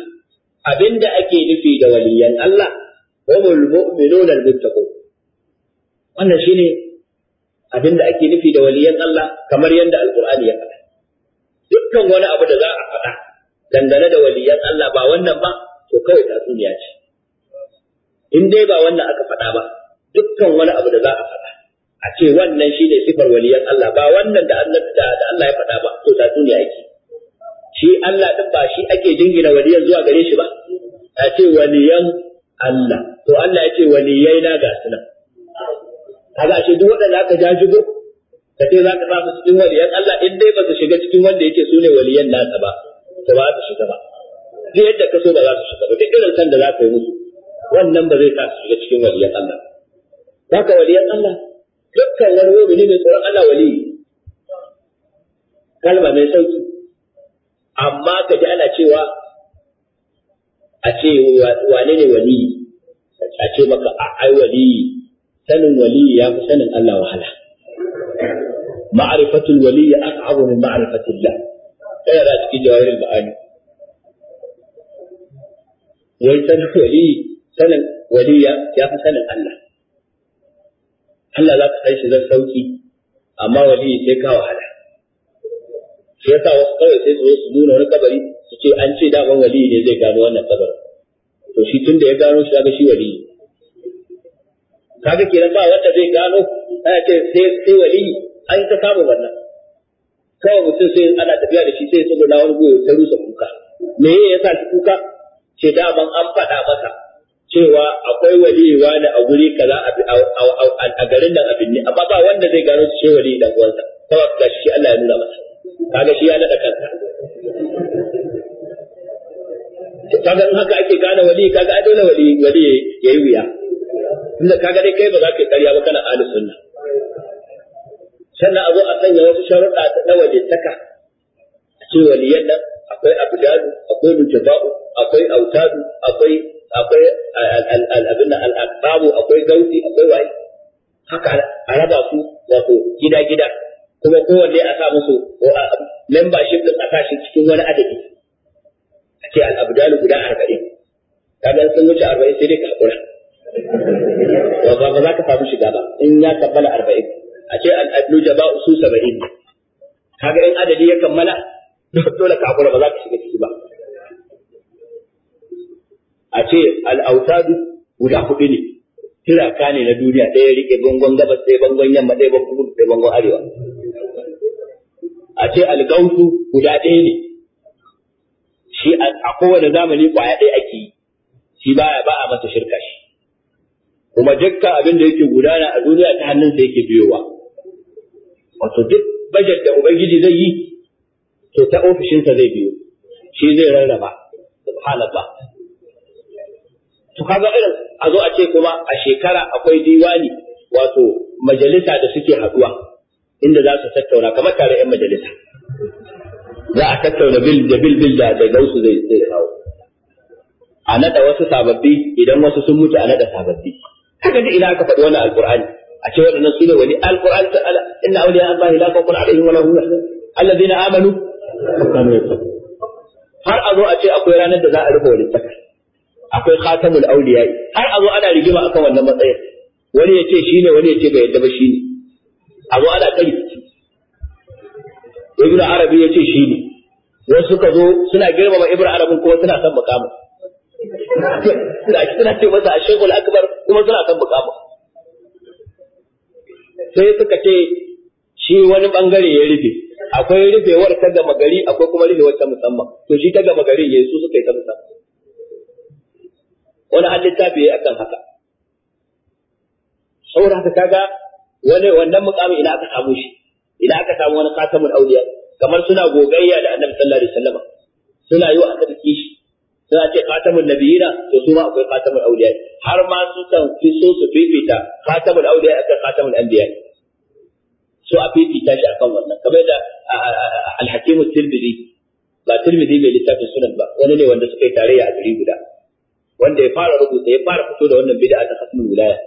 abinda ake nufi da waliyan Allah humul mu'minun almuttaqun wannan shine abinda ake nufi da waliyan Allah kamar yadda alqur'ani ya faɗa dukkan wani abu da za a faɗa dangane da waliyan Allah ba wannan ba to kawai tatsuniya ce in dai ba wannan aka faɗa ba dukkan wani abu da za a faɗa a ce wannan shi ne sifar waliyan Allah ba wannan da annabi da Allah ya faɗa ba to ta duniya yake shi Allah din ba shi ake jingina waliyan zuwa gare shi ba a ce waliyan Allah to Allah ya ce waliyai na ga su nan kaga shi duk waɗanda aka jigo ka ce za ka su cikin waliyan Allah in dai ba su shiga cikin wanda yake su ne waliyan nasa ba to ba su shiga ba duk yadda ka so ba za su shiga ba duk irin san da za ka yi musu wannan ba zai sa su shiga cikin waliyan Allah Ba ka waliyan Allah dukkan wani mu'mini mai tsoron Allah wali kalma mai sauki amma ka ji ana cewa a ce wane ne wali a ce maka a ai wali sanin wali ya fi sanin Allah wahala ma'rifatul wali ya as'abu min ma'rifatillah kai da cikin jawahirul ma'ani wai sanin wali sanin wali ya fi sanin Allah Allah za ka san shi zan sauki amma wali sai ka wahala shi yasa wasu kawai sai su zo su nuna wani kabari su ce an ce daban wali ne zai gano wannan kabar to shi tun da ya gano shi kaga shi wali kaga kenan ba wanda zai gano ana ce sai sai wali an ta samu wannan kawai mutum sai ana tafiya da shi sai ya tsogo na wani goyo ta rusa kuka me yasa shi kuka ce daman an faɗa masa cewa akwai waliwa da a guri kaza a garin nan abin ne amma ba wanda zai gano su ce wali dan uwansa kuma ga shi Allah ya nuna masa kaga shi ya nada kansa kaga in haka ake gane wali kaga ai dole wali wali yayi wuya inda kaga dai kai ba za ka yi ba kana ahli sunna sannan abu a sanya wasu sharuɗa na waje taka a ce waliyan nan akwai abdadu akwai mutaba'u akwai autadu akwai akwai abin da al'aqabu akwai gauti akwai waye haka a raba su wato gida gida kuma kowanne a sa musu membership din a sashi cikin wani adadi a ce al'abdalu guda arba'in kaga sun wuce arba'in sai dai ka haƙura ba ba za ka samu shiga ba in ya kammala arba'in a ce al'adlu jaba'u su saba'in kaga in adadi ya kammala dole ka haƙura ba za ka shiga ciki a ce al'autadu guda kuɗi ne turaka ne na duniya ɗaya rike bangon gabas ɗaya bangon yamma ɗaya bangon kudu ɗaya bangon arewa a ce algautu guda ɗaya ne shi a kowane zamani kwaya ɗaya ake yi shi baya ba a masa shirka shi kuma dukkan abin da yake gudana a duniya ta hannunsa yake biyowa wato duk bajet da ubangiji zai yi to ta ofishinsa zai biyo shi zai rarraba subhanallah to kaga irin a zo a ce kuma a shekara akwai diwani wato majalisa da suke haduwa inda za su tattauna kamar tare yan majalisa za a tattauna bil da bil bil da da gausu zai zai kawo a nada wasu sababbi idan wasu sun mutu a nada sababbi haka da ina aka faɗi wannan alqur'ani a ce waɗannan sune wani alqur'ani ta inna awliya allahi la khawfun alaihim wa la hum yahzanun alladhina amanu har a zo a ce akwai ranar da za a rufe wani walittaka akwai khatamul auliya har azo ana rigima akan wannan matsayin wani ya ce shine wani ya ce bai yadda ba shine azo ana kai ibn arabi ya ce shine wasu suka zo suna girmama ibn arabin kuma suna san mukamin suna suna ce masa shaykhul akbar kuma suna san mukamin sai suka ce shi wani bangare ya rufe akwai rufewar ta gama gari akwai kuma rufewar ta musamman to shi ta gama gari su suka yi ta musamman wani har littafi ya akan haka saboda haka kaga wani wannan mukamin ina aka samu shi ina aka samu wani khatamul auliya kamar suna gogayya da annabi sallallahu alaihi wasallam suna yi wa annabi kishi suna ce khatamul nabiyina to su ma akwai khatamul auliya har ma su kan fi so su fifita khatamul auliya akan khatamul anbiya so a fifita shi akan wannan kamar yadda al-hakim tirmidhi ba tirmidhi bai littafin sunan ba wani ne wanda suka yi tarayya a gari guda wanda ya fara rubuta ya fara fito da wannan bid'a ta khasmul wilaya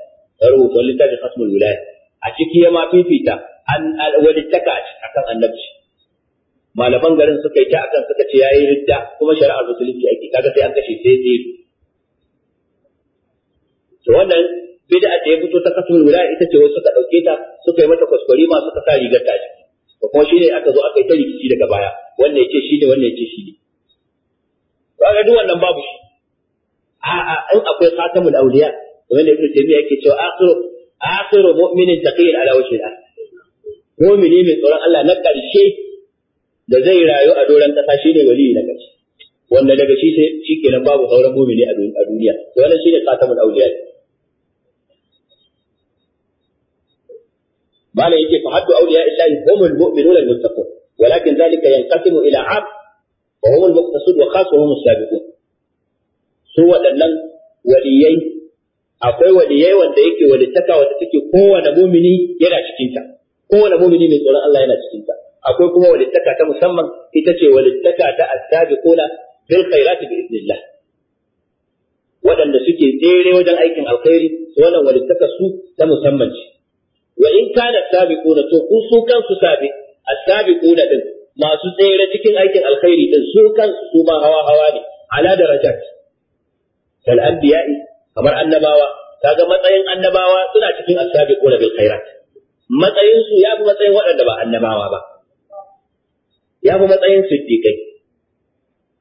ya rubuta wani littafin khasmul wilaya a ciki ya ma fifita an wani taka akan annabci malaman garin suka yi ta akan suka ce yayi ridda kuma shari'ar musulunci ake kaga sai an kashe sai zai to wannan bid'a da ya fito ta khasmul wilaya ita ce wasu suka dauke ta suka yi mata kuskure ma suka sa rigar ta ciki ko kuma shine aka zo aka yi ta rikici daga baya wannan yace shine wannan yace shine kaga duk wannan babu shi a'a in akwai khatamul awliya wanda ibnu taymiya yake cewa akhiru akhiru mu'minin taqiyyin ala wajhil ard mu'mini mai tsoron Allah na karshe da zai rayu a doron kasa shine wali na karshe wanda daga shi sai shikenan babu sauran mu'mini a duniya to wannan shine khatamul awliya illahi humul mu'minuna al muttaqun walakin المؤمنون yanqasimu ila ذلك wa إلى عام وهم المقتصد وخاص وهم sabiqun su waɗannan waliyai akwai waliyai wanda yake walittaka wanda take kowane mumini yana cikinta kowane mumini mai tsoron Allah yana cikinta akwai kuma walittaka ta musamman ita ce walittaka ta as-sabiquna bil khairati bi idnillah waɗanda suke tsere wajen aikin alkhairi wannan walittaka su ta musamman ce wa in kana sabiquna to ku su kansu sabi as-sabiquna din masu tsere cikin aikin alkhairi din su kansu su ma hawa hawa ne ala darajat kal anbiya'i kamar annabawa kaga matsayin annabawa suna cikin as-sabiquna bil khairat matsayin su yafi matsayin waɗanda ba annabawa ba yafi matsayin siddiqai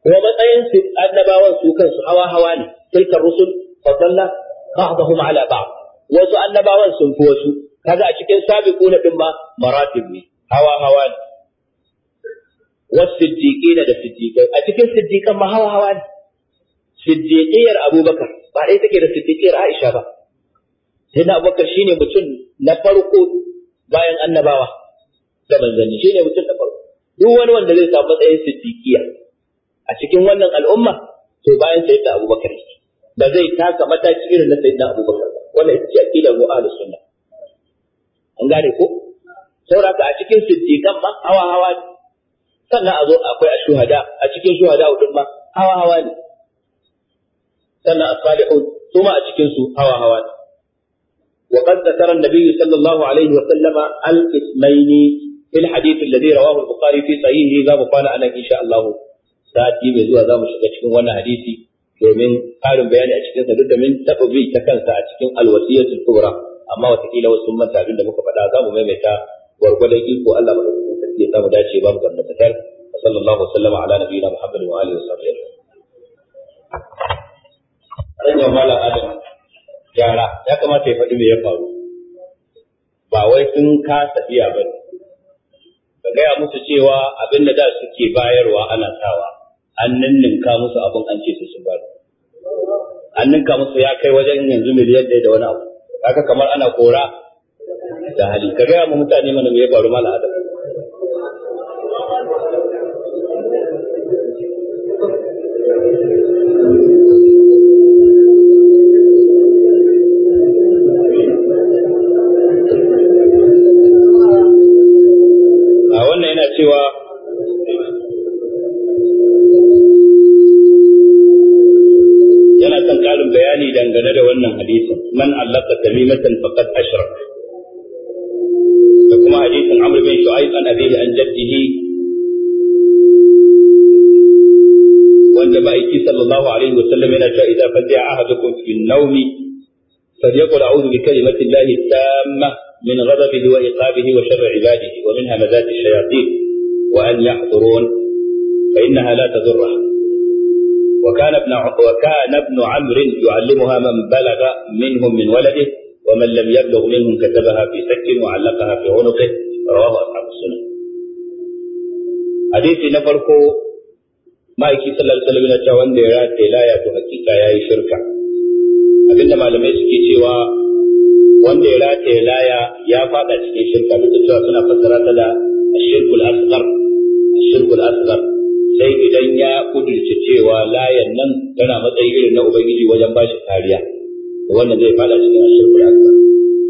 kuma matsayin annabawan su kansu hawa hawa ne tilkar rusul fadalla ba'dhum ala ba'd wasu annabawan sun fi wasu kaga a cikin sabiquna din ma maratib ne hawa hawa ne wasu siddiqina da siddiqai a cikin siddiqan ma hawa hawa ne siddiqiyar abubakar ba ɗaya take da siddiqiyar aisha ba sai na abubakar shine mutum na farko bayan annabawa da manzanni shine mutum na farko duk wani wanda zai samu matsayin siddiqiya a cikin wannan al'umma to bayan sayyidina abubakar ba zai taka mataki irin na sayyidina abubakar ba wanda ita ce aqidar mu ahlus sunna an gane ko sauraka a cikin siddiqan ma hawa hawa ne sannan a zo akwai a shuhada a cikin shuhada din ma hawa hawa ne sannan as-salihun su ma a cikin su hawa hawa wa qad zakara an-nabiy sallallahu alaihi wa sallama al-ismayn في الحديث الذي رواه البخاري في صحيحه ذا مقال أنا إن شاء الله سأتي بزوا ذا مشكتكم وانا حديثي domin ƙarin bayani a cikinsa duk da min ta kansa a cikin alwasiyatul kubra amma watakila wasu sun manta da muka faɗa zamu maimaita gwargwadon iko Allah madaukakin sarki ya samu dace ba sallallahu alaihi wa sallam ala wa rage mala adam gyara ya kamata ya faɗi me ya faru ba wai sun kasa biya ba ka gaya musu cewa abin da da suke bayarwa ana sawa an ninninka musu abin an ce su sun bar an ninka musu ya kai wajen yanzu miliyan ɗaya da wani abu haka kamar ana kora da hali ka gaya mu mutane mana me ya faru mala adam cewa yana son ƙarin bayani dangane da wannan hadisin man allaka tamimatan faqad ashrak da kuma hadisin amr bin shu'aib an abihi an jaddihi wanda ma'aiki sallallahu alaihi wasallam yana cewa idan fadiya ahadukum fi naumi فليقل أعوذ بكلمة الله التامة من غضبه وعقابه وشر عباده ومن همزات الشياطين وأن يحضرون فإنها لا تضرها وكان ابن وكان ابن عمرو يعلمها من بلغ منهم من ولده ومن لم يبلغ منهم كتبها في سك وعلقها في عنقه رواه أصحاب السنن. حديث نفرق ما يكي صلى الله عليه وسلم cewa wanda ya rataye laya to hakika yayi shirka abinda malamai suke cewa wanda ya rataye laya ya fada cikin shirka duk da cewa suna fassara ta da shirkul asghar shirkul asgar sai idan ya kudurce cewa layan nan tana matsayi irin na ubangiji wajen bashi kariya wannan zai fada cikin shirkul asgar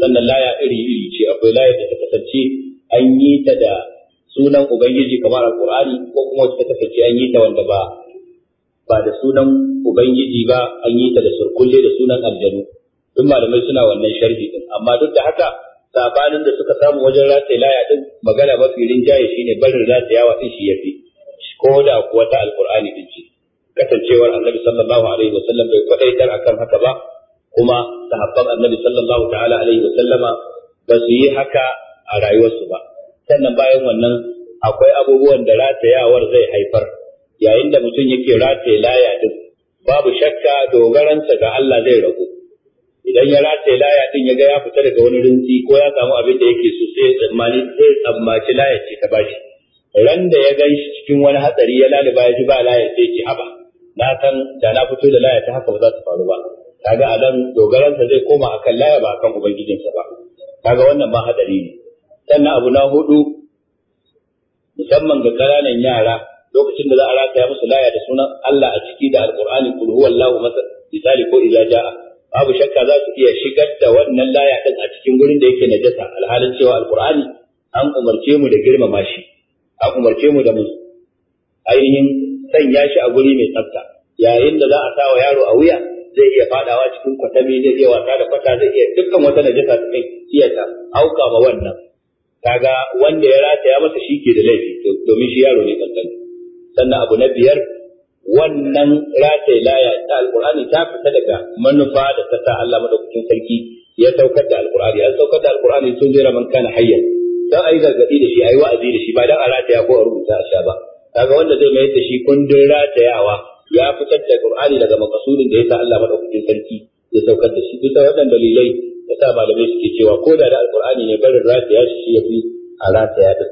sannan laya iri iri ce akwai laya da ta kasance an yi ta da sunan ubangiji kamar alqur'ani ko kuma ta kasance an yi ta wanda ba ba da sunan ubangiji ba an yi ta da surkulle da sunan aljanu duk malamai suna wannan sharhi din amma duk da haka sabanin da suka samu wajen rataye laya din magana mafi rinjaye shine barin ratayawa din shi yafi ko da kuwa ta alqur'ani din ce kasancewar annabi sallallahu alaihi wasallam bai kwadaitar akan haka ba kuma sahabban annabi sallallahu ta'ala alaihi wasallama ba su yi haka a rayuwarsu ba sannan bayan wannan akwai abubuwan da ratayawar zai haifar yayin da mutum yake rataye laya din babu shakka dogaransa ga Allah zai ragu idan ya rataye laya din ya ga ya fita daga wani rinci ko ya samu abin da yake so sai tsammani sai tsammaci laya ce ta bashi ran da ya gan shi cikin wani hatsari ya laliba ya ji ba laya sai ki haba na san da na fito da laya ta haka ba za ta faru ba kaga a nan dogaransa zai koma akan laya ba akan ubangijinsa ba kaga wannan ba hadari ne sannan abu na hudu musamman ga kananan yara lokacin da za a rataya musu laya da sunan Allah a ciki da alqur'ani kul huwallahu masal misali ko idza jaa babu shakka za su iya shigar da wannan laya din a cikin gurin da yake najasa alhalin cewa alqur'ani an umarce mu da girmama shi an umarce mu da mu ainihin sanya shi a guri mai tsafta yayin da za a sa wa yaro a wuya zai iya fadawa cikin kwatami zai iya wasa da kwata zai iya dukkan wata najasa ta kai iya ta auka ma wannan kaga wanda ya rataya masa shi ke da laifi domin shi yaro ne kankan sannan abu na biyar wannan rataye laya ta alkur'ani ta fita daga manufa da ta sa Allah madaukakin sarki ya saukar da alkur'ani an saukar da alkur'ani tun zira man kana hayyan dan ayi gargadi da shi ayi wa'azi da shi ba dan a rataya ko a rubuta a sha ba kaga wanda zai mai da shi kundin ratayawa ya fitar da qur'ani daga makasudin da ya sa Allah madaukakin sarki ya saukar da shi duk da dalilai yasa sa malamai suke cewa ko da da alkur'ani ne barin rataya shi shi yafi a rataya din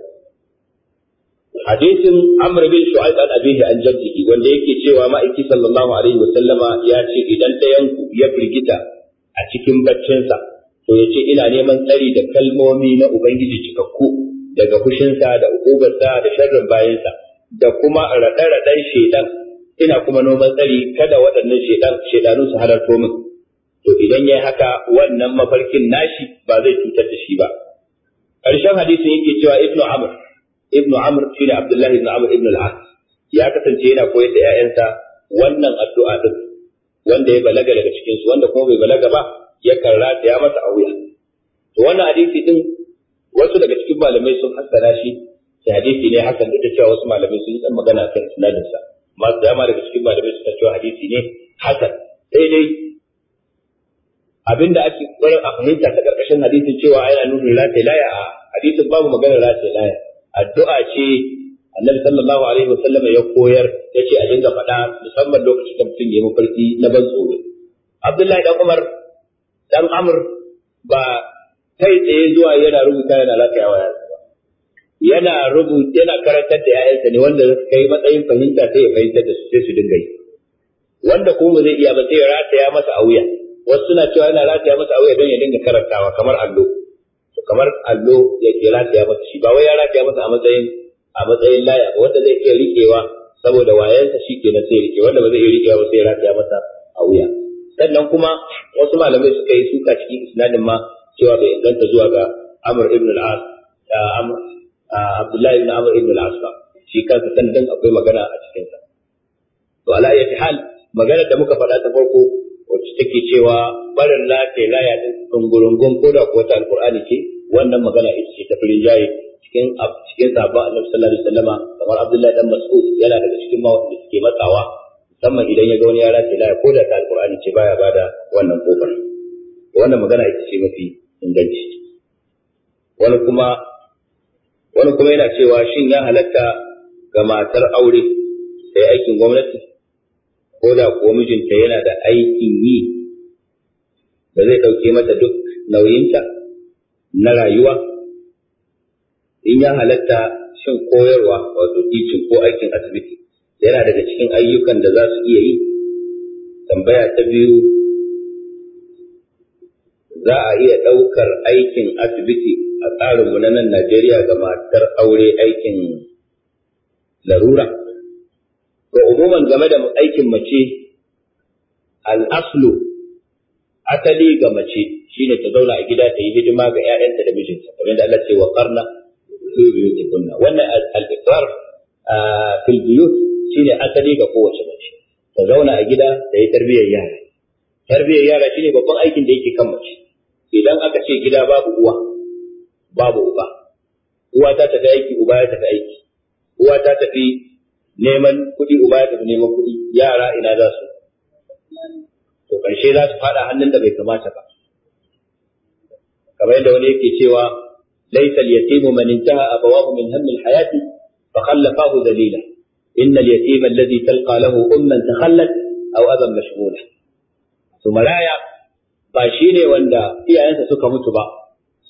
hadisin amr bin shu'aib an abihi an jaddihi wanda yake cewa aiki sallallahu alaihi wa sallama ya ce idan ɗayan yanku ya firgita a cikin barcinsa, to ya ce ina neman tsari da kalmomi na ubangiji cikakku daga fushinsa da ukubarsa da sharrin bayansa da kuma raɗe-raɗen shaidan ina kuma noman tsari kada waɗannan shaidan shaidanu su halarto min to idan yayi haka wannan mafarkin nashi ba zai cutar da shi ba ƙarshen hadisin yake cewa ibnu amr Ibnu Amr shi ne Abdullahi ibn Amr ibn al-As ya kasance yana koyar da ƴaƴansa wannan addu'a din wanda ya balaga daga cikin su wanda kuma bai balaga ba yakan rataya masa a wuya to wannan hadisi din wasu daga cikin malamai sun hassana shi sai hadisi ne hakan duk da cewa wasu malamai sun yi dan magana kan sanadin sa masu dama daga cikin malamai suka cewa hadisi ne hasan sai dai abinda ake ƙoƙarin a fahimta ta ƙarƙashin hadisin cewa yana nuna rataye laya a hadisin babu maganar rataye laya addu'a ce annabi sallallahu alaihi wa sallama ya koyar ya ce a dinga faɗa musamman lokacin da mutum ya yi mafarki na ban tsoro abdullahi dan umar dan amr ba kai tsaye zuwa yana rubuta yana lafiya wa yanzu ba yana rubuta yana karantar da ƴaƴansa ne wanda suka kai matsayin fahimta sai ya fahimtar da su sai su dinga yi wanda kuma zai iya ba sai ya rataya masa a wuya wasu suna cewa yana rataya masa a wuya don ya dinga karantawa kamar allo kamar allo ya ke rataya masa shi ba wai ya rataya masa a matsayin a matsayin laya ba wanda zai iya riƙewa saboda wayansa shi ke na sai riƙe wanda ba zai iya riƙewa ba sai ya rataya masa a wuya sannan kuma wasu malamai suka yi suka cikin isnadin ma cewa bai inganta zuwa ga Amr ibn al-As Abdullahi ibn Amr ibn al ba shi kansa akwai magana a cikin sa to ala ayyati hal maganar da muka faɗa ta farko wacce take cewa barin lafiya laya din gurungun ko da kuwa ta alqur'ani ce wannan magana ita ce ta firin jaye cikin cikin sahabban annabi sallallahu alaihi wasallama kamar abdullahi dan mas'ud yana daga cikin da suke matsawa musamman idan ya ga wani yara ce laya ko da ta alqur'ani ce baya bada wannan kofar wannan magana ita ce mafi inganci wani kuma wani kuma yana cewa shin ya halatta ga matar aure sai aikin gwamnati ko da kuwa mijinta yana da aikin yi da zai ɗauke mata duk nauyinta na rayuwa in ya halatta shin koyarwa wato teaching ko aikin asibiti yana daga cikin ayyukan da za su iya yi tambaya ta biyu za a iya ɗaukar aikin asibiti a tsarinmu na nan Najeriya ga matar aure aikin larura ga umuman game da aikin mace al aslu asali ga mace shine ta zauna a gida ta yi hidima ga 'ya'yanta da mijinta kamar da Allah ce wa qarna fi buyutikunna wannan al-iqrar fil buyut shine asali ga kowace mace ta zauna a gida ta yi tarbiyyar yara tarbiyyar yara shine babban aikin da yake kan mace idan aka ce gida babu uwa babu uba uwa ta tafi aiki uba ya tafi aiki uwa ta tafi neman kuɗi uba ya tafi neman kuɗi yara ina za su ƙarshe za su faɗa hannun da bai kamata ba kamar yadda wani yake cewa laysa al-yatimu man intaha abawahu min hammi al-hayati fa khallafahu dalila inna al-yatima alladhi talqa lahu umman takhallat aw aban mashghula to maraya ba shine wanda iyayensa suka mutu ba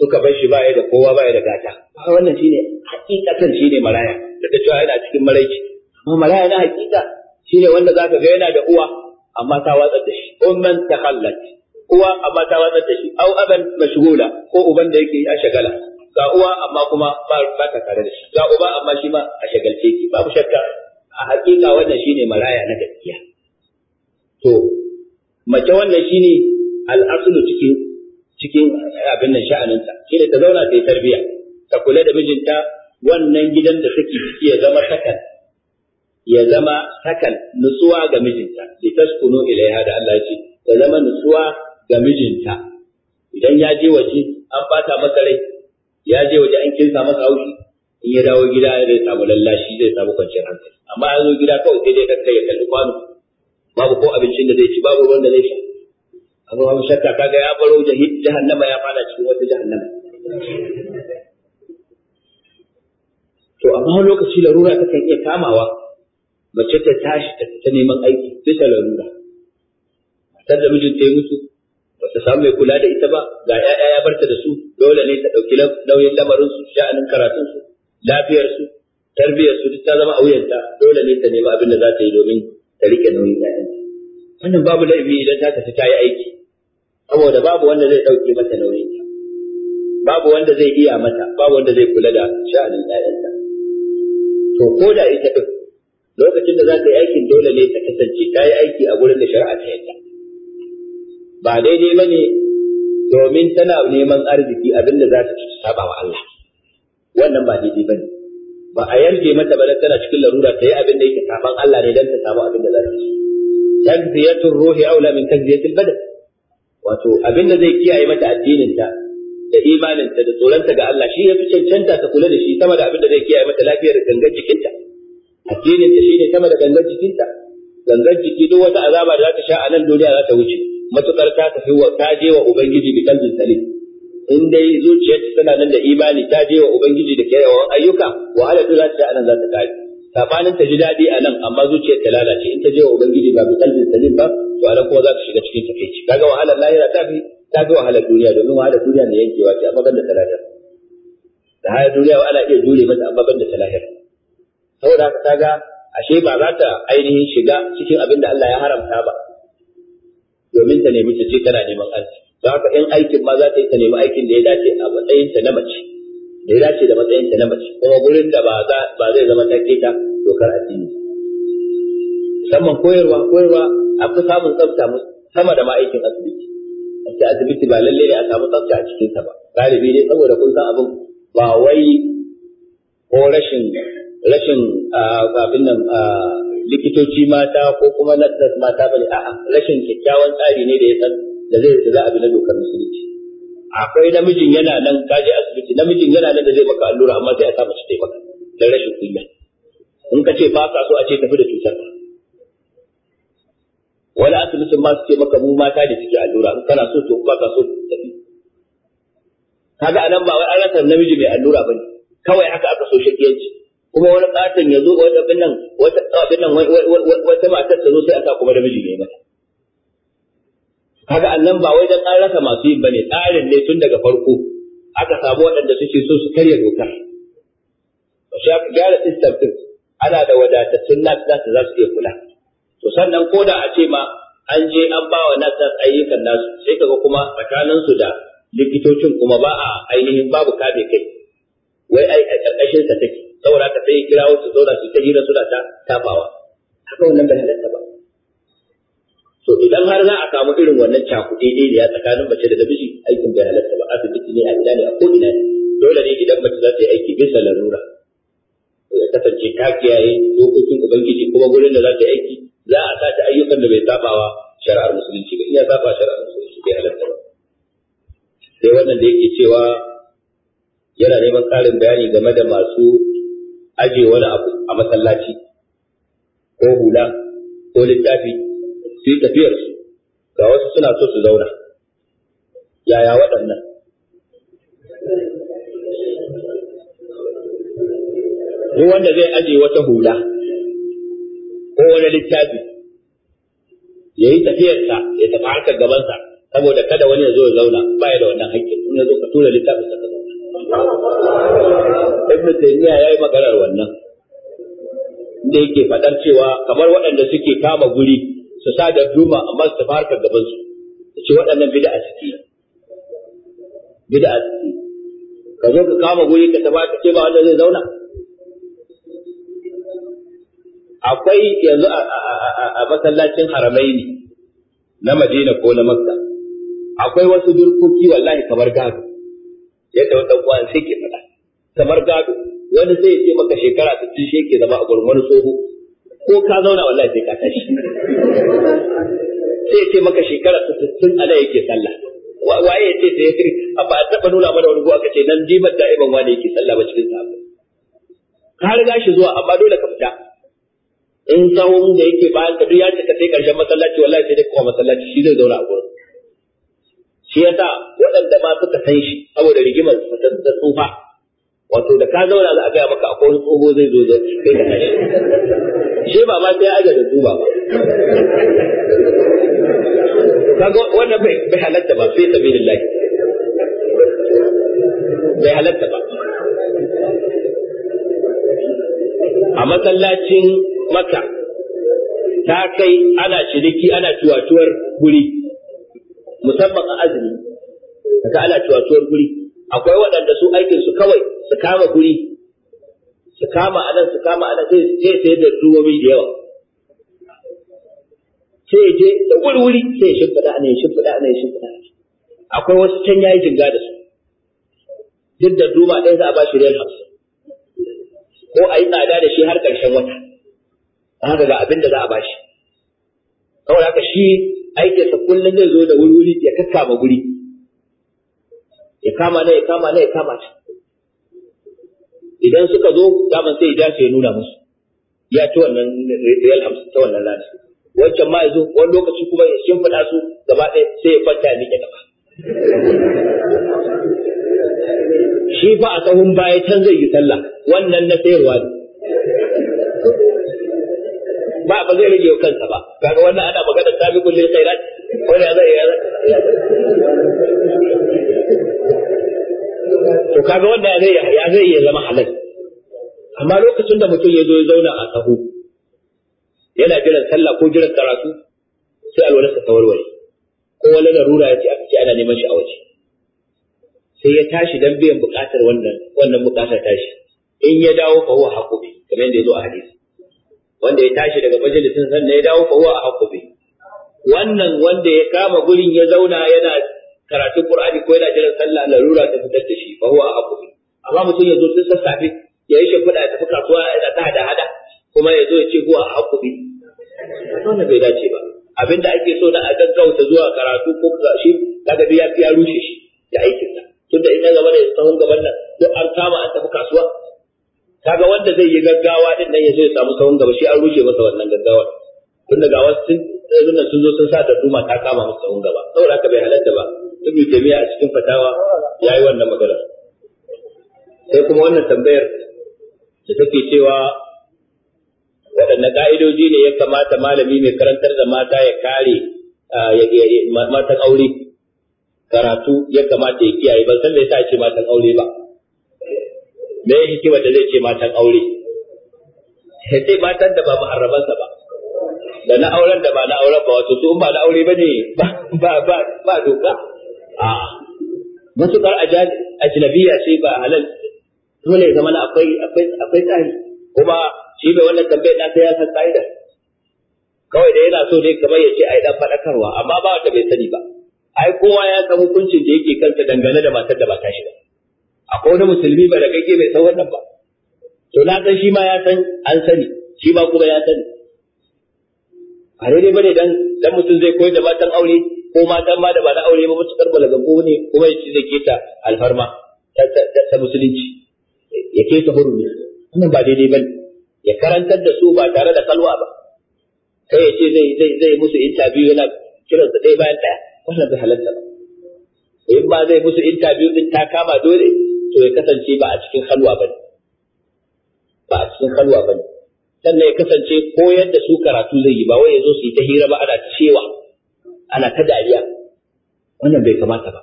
suka bar shi baya da kowa ba baya da gata a wannan shine hakikatan shine maraya da ta cewa yana cikin maraici amma maraya na hakika shine wanda zaka ga yana da uwa amma ta watsar da shi umman takhallat uwa amma ta watsar da shi au aban mashghula ko uban da yake a shagala ga uwa amma kuma ba ta tare da shi ga uba amma shi ma a shagalce ki babu shakka a hakika wannan shine maraya na gaskiya to mace wannan shine al'aslu cikin cikin abin nan sha'aninta shine ta zauna ta yi tarbiya ta kula da mijinta wannan gidan da take ciki ya zama sakan ya zama sakan nutsuwa ga mijinta ta taskunu ilaiha da Allah ce ya zama nutsuwa ga mijinta idan ya je waje an bata masa rai ya je waje an kinsa masa haushi in ya dawo gida zai samu lallashi zai samu kwanciyar hankali amma ya zo gida kawai sai dai kakkai ya kalli kwano babu ko abincin da zai ci babu ruwan da zai sha abu babu shakka kaga ya baro jahannama ya fada cikin wata jahannama to amma lokaci larura ta kan iya kamawa mace ta tashi ta ta neman aiki bisa larura matar da mijinta ya mutu ba ta samu mai kula da ita ba ga 'ya'ya ya barta da su dole ne ta ɗauki nauyin lamarin su sha'anin karatun su lafiyar su tarbiyar su duk ta zama auyanta dole ne ta nemi abin da za ta yi domin ta rike nauyin 'ya'yanta wannan babu laifi idan ta tafi ta yi aiki saboda babu wanda zai ɗauke mata nauyin ta babu wanda zai iya mata babu wanda zai kula da sha'anin 'ya'yanta to ko da ita ɗin lokacin da za ka yi aikin dole ne ta kasance ka yi aiki a gurin da shari'a ta yadda ba daidai ba ne domin tana neman arziki abin da za ta ci saba wa Allah wannan ba daidai ba ne ba a yarje mata ba tana cikin larura ta yi abin da yake saban Allah ne don ta samu abin da za ta ci tazziyatul ruhi aula min tazziyatul badan wato abin da zai kiyaye mata addininta da imaninta da tsoronta ga Allah shi ya fi cancanta ta kula da shi sama da abin da zai kiyaye mata lafiyar gangan jikinta addinin ta shine sama da gangan jikinta gangan jiki duk wata azaba da za ta sha a nan duniya za ta wuce matukar ta tafi wa ta je wa ubangiji bi kalbin salim in dai zuciyarta tana nan da imani ta je wa ubangiji da kyawawan ayyuka wahala duk za ta sha a nan za ta kare sabanin ta ji daɗi a nan amma zuciyar ta lalace in ta je wa ubangiji ba bi kalbin salim ba to ala kuma za ta shiga cikin takeici kaga wahalar lahira ta fi ta fi wahalar duniya domin wahalar duniya ne yankewa ce amma ban da ta lahira da haya duniya ana iya jure mata amma ban da ta lahira saboda haka kaga ashe ba za ta ainihin shiga cikin abin da Allah ya haramta ba domin ta nemi ta ce tana neman arziki don haka in aikin ma za ta yi ta nemi aikin da ya dace a matsayin ta na mace da ya dace da matsayin ta na mace kuma gurin da ba zai zama ta keta dokar addini musamman koyarwa koyarwa a fi samun tsafta sama da ma aikin asibiti ake asibiti ba lalle ne a samu tsafta a cikinsa ba galibi ne saboda kun san abin ba wai ko rashin rashin abin nan likitoci mata ko kuma nurses mata bane a'a rashin kyakkyawan tsari ne da ya san da zai da za a bi na dokar musulunci akwai namijin yana nan kaje asibiti namijin yana nan da zai maka allura amma sai ya sa mace ta maka da rashin kunya in ka ce ba ka so a ce tafi da cutar ka wani asibitin ma suke maka mu mata da suke allura in kana so to ba ka so tafi kaga anan ba wai an rasa namiji mai allura bane kawai haka aka so shakiyanci kuma wani katon ya zo wata abin nan wata abin nan wata matar ta zo sai a sa kuma da miji ne mata kaga annan ba wai dan karasa masu yin bane tsarin ne tun daga farko aka samu waɗanda suke so su karya dokar sai aka gyara system din ana da wadatattun nas nas za su iya kula to sannan ko da a ce ma an je an ba wa nas nas ayyukan nasu sai kaga kuma tsakanin su da likitocin kuma ba a ainihin babu kame kai wai ai a ƙarƙashin sa take saboda haka sai ya kira wasu zauna su ta hira suna ta tafawa haka wannan ba halatta ba to idan har za a samu irin wannan cakuɗe ne ya tsakanin mace da namiji aikin bai halatta ba asibiti ne a ina ne a ko ina ne dole ne idan mace za ta yi aiki bisa larura ya kasance ta kiyaye dokokin ubangiji kuma gurin da za ta yi aiki za a sa ta ayyukan da bai sabawa shari'ar musulunci ba ya saba shari'ar musulunci bai halatta ba sai wannan da yake cewa yana neman ƙarin bayani game da masu aje wani abu a masallaci ko hula ko littafi su yi tafiyarsu ga wasu suna so su zauna yaya waɗannan Ni wanda zai aje wata hula ko wani littafi ya yi tafiyarsa ya tafi harkar gabansa saboda kada wani ya zo ya zauna ba ya da wannan haƙƙin in ya zo ka tura littafin sa ibn taymiya yayi maganar wannan Inda yake fadar cewa kamar waɗanda suke kama guri su sa da duma amma su tafi gaban su ce waɗannan bid'a suke bid'a suke ka zo ka kama guri ka tafi ka ce ba wanda zai zauna akwai yanzu a masallacin haramai ne na Madina ko na Makka akwai wasu durkoki wallahi kamar gado yadda wani ɗan sai ke faɗa kamar gado wani zai ce maka shekara ta ci shi yake zama a gurin wani tsoho ko ka zauna wallahi sai ka tashi sai ce maka shekara ta tun ana yake sallah waye ya ce sai a ba a taɓa nuna mana wani ko aka ce nan jimar da'iban wani yake sallah ba cikin sahabbai ka riga shi zuwa amma dole ka fita in sahun da yake bayan ka duk ya cika sai karshen masallaci wallahi sai dai kowa masallaci shi zai zauna a gurin shi yasa waɗanda ma suka san shi tsufa wato da ka zauna za a gaya maka akwai wani tsoho zai zo zai kai da tashi shi ba ma sai aja da tsufa ba kaga wannan bai halatta ba sai sabilillah bai halatta ba a masallacin maka ta kai ana ciniki ana ciwatuwar guri musamman a azumi ta ana ciwatuwar guri akwai waɗanda su aikin su kawai su kama guri su kama anan su kama anan sai su sai da duwomi da yawa sai je da wuri-wuri sai ya shimfiɗa ne ya shimfiɗa ne ya shimfiɗa akwai wasu can yayi jinga da su duk da duma ɗaya za a ba shi riyal hamsin ko a yi tsada da shi har ƙarshen wata haka ga abin da za a ba shi kawai haka shi aikinsa kullum zai zo da wuri-wuri ya kakkama guri ya kama na ya kama na ya kama ta idan suka zo daman sai ya dace ya nuna musu ya ci wannan riyal hamsin ta wannan lada wancan ma ya zo wani lokaci kuma ya shimfiɗa su gaba ɗaya sai ya kwanta ya miƙe gaba shi fa a tsawon baya can zai yi sallah wannan na sayarwa ne ba ba zai rage kansa ba kaga wannan ana magana sabiqul lil khairat wannan zai yi to kaga wanda ya zai iya zama halal amma lokacin da mutum ya zo ya zauna a sahu yana jiran sallah ko jiran karatu sai alwala ta warware ko wani rura ya ce a ce ana neman shi a waje sai ya tashi dan biyan buƙatar wannan wannan buƙatar tashi in ya dawo fa huwa haqubi kamar yadda ya zo a hadisi wanda ya tashi daga majalisin sannan ya dawo fa huwa haqubi wannan wanda ya kama gurin ya zauna yana karatun Qur'ani ko yana jiran sallah larura ta fitar da shi ba huwa ahqqu bi amma mutum ya zo tun sassafe ya yi shimfiɗa ya tafi kasuwa yana ta hada hada kuma ya zo ya ce huwa a bi wannan bai dace ba Abin da ake so da a gaggauta zuwa karatu ko shi daga ya fi ya rushe shi da aikin sa tunda da ya gaba da tsawon gaban nan duk an kama an tafi kasuwa kaga wanda zai yi gaggawa din nan ya zo ya samu tsawon gaba shi an rushe masa wannan gaggawa tun daga wasu sun sun zo sun sa da duma ta kama musu tsawon gaba saboda haka bai halatta ba yi taymiya a cikin fatawa ya yi wannan magana sai kuma wannan tambayar da take cewa waɗanne ƙa'idoji ne ya kamata malami mai karantar da mata ya kare matan aure karatu ya kamata ya kiyaye ban san me sa ce matan aure ba me ya hikimar da zai ce matan aure sai matan da ba muharrabansa ba da na auren da ba na auren ba wato su ba na aure ba ne ba ba ba doka a matukar ajnabiya ce ba halal dole zama na akwai akwai akwai tsari kuma shi mai wannan tambayar da sai ya san tsari kawai da yana so ne kamar ya ce ai dan fadakarwa amma ba wanda bai sani ba ai kowa ya san hukuncin da yake kansa dangane da matar da ba ta shi ba akwai wani musulmi ba da kake bai san wannan ba to na san shi ma ya san an sani shi ma kuma ya sani a daidai bane dan dan mutum zai koyar da matan aure ko matan ma da ba na aure ba mutukar balagabu ne kuma ya ce zai ta alfarma ta musulunci ya huru ne wannan ba daidai bane ya karantar da su ba tare da kalwa ba kai ya ce zai zai zai musu interview yana kiran su ɗaya bayan ɗaya wannan bai halatta ba in ba zai musu interview din ta kama dole to ya kasance ba a cikin kalwa bane ba a cikin halwa bane sannan ya kasance koyar da su karatu zai yi ba wai ya zo su yi ta hira ba ana cewa ana ta dariya wannan bai kamata ba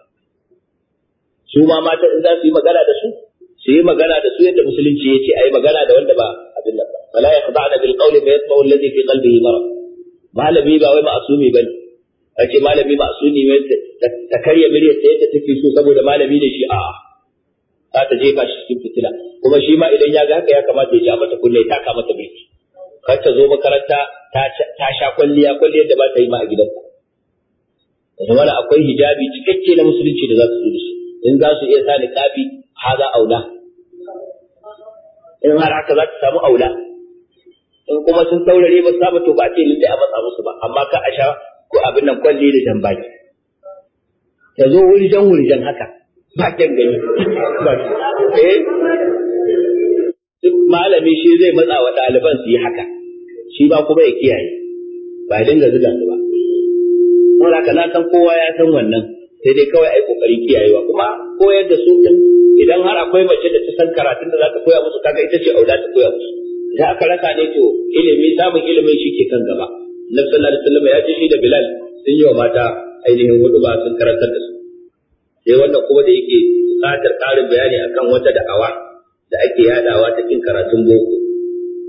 su ma mata in za su yi magana da su su yi magana da su yadda musulunci ya ce a yi magana da wanda ba abin nan ba fala ya khada da bil qawli fa yatma alladhi fi qalbihi marad malami ba wai ma'asumi bane ake malami ma'asumi ne ta karya miryar ta yadda take so saboda malami ne shi a'a za ta jefa shi cikin fitila kuma shi ma idan ya ga haka ya kamata ya ja mata kunne ya taka mata birki kar ta zo makaranta ta sha kwalliya kwalliyar da ba ta yi ma a gidanku. da zamana akwai hijabi cikakke na musulunci da za su da shi in za su iya sa niqabi haza aula in har haka za ta samu aula in kuma sun saurare ba saba to ba ce lalle a matsa musu ba amma ka a sha ko abin nan kwalli da jan baki ta zo wurjan wurjan haka ba kyan gani eh duk malami shi zai matsa wa ɗaliban su yi haka shi ba kuma ya kiyaye ba ya dinga zuga su ba kuma haka na san kowa ya san wannan sai dai kawai ai kokarin kiyayewa kuma koyar da su din idan har akwai mace da ta san karatun da za ta koya musu kaga ita ce auda ta koya musu idan aka rasa ne to ilimi samun ilimin shi ke kan gaba na sallallahu alaihi wasallam ya ce shi da bilal sun yi wa mata ainihin hudu ba sun karantar da su sai wannan kuma da yake buƙatar ƙarin bayani akan wata da'awa da ake yadawa ta kin karatun boko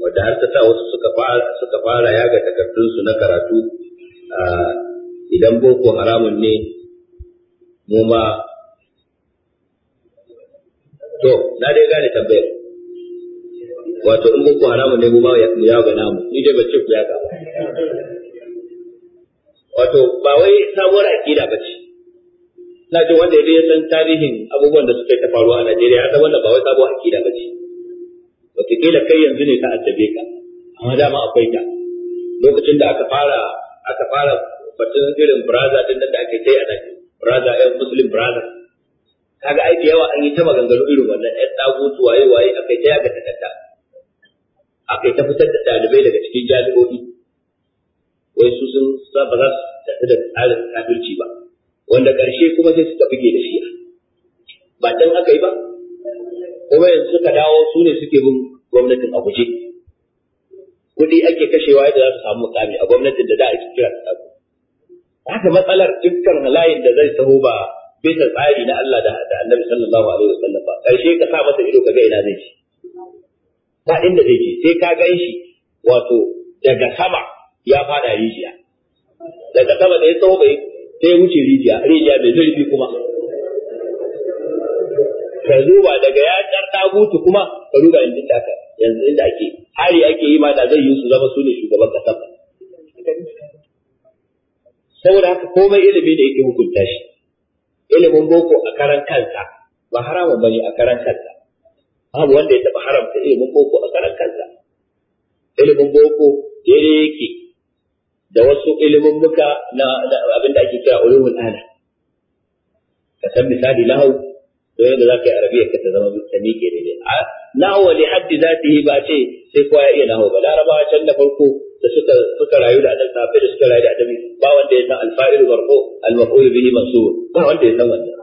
wadda har ta sa wasu suka fara suka fara yaga takardunsu na karatu idan boko haramun ne mu ma to na dai gane tambayar wato in boko haramun ne mu ma ya ga namu ni dai bace ku ya ga wato ba wai sabuwar akida bace na jin wanda ya san tarihin abubuwan da suka ta a Najeriya ya san ba wai sabuwar akida ba ce wataƙila kai yanzu ne ta addabe ka amma dama akwai ta lokacin da aka fara aka fara batun irin braza din da ake kai a nan braza ɗan muslim braza kaga aiki yawa an yi ta maganganu irin wannan ɗan tsagutu waye waye akai ta yaga takarda akai ta fitar da dalibai daga cikin jami'o'i wai su sun ba za su tafi da tsarin kafirci ba wanda ƙarshe kuma sai suka buge da shi ba dan aka yi ba kuma yanzu suka dawo su ne suke bin gwamnatin a guje kuɗi ake kashewa yadda za su samu mukami a gwamnatin da da a kira su haka matsalar dukkan layin da zai taho ba bisa tsari na Allah da Annabi sallallahu alaihi wasallam ba karshe ka sa masa ido ka ga ina zai ci ba inda zai ci sai ka gan shi wato daga sama ya fada rijiya daga sama da ya tsawo bai sai wuce rijiya rijiya mai zurfi kuma ka zuba daga ya tsar gutu kuma ka duba yanzu taka yanzu inda ake hari ake yi ma da zai yi su zama su ne shugaban kasar saboda haka komai ilimi da yake hukunta shi ilimin boko a karan kansa ba haramun bane a karan kansa babu wanda ya taba haramta ilimin boko a karan kansa ilimin boko daidai yake da wasu ilimin muka na abin da ake kira ulumul ala ka san misali lahu to yadda zaka yi arabiya ka ta zama ta miƙe daidai a lahu li haddi zatihi ba ce sai kowa ya iya lahu ba larabawa can da farko da suka suka rayu da adam safi da suka rayu da adam ba wanda ya san alfa'il marfu al-maf'ul bihi mansub ba wanda ya san wannan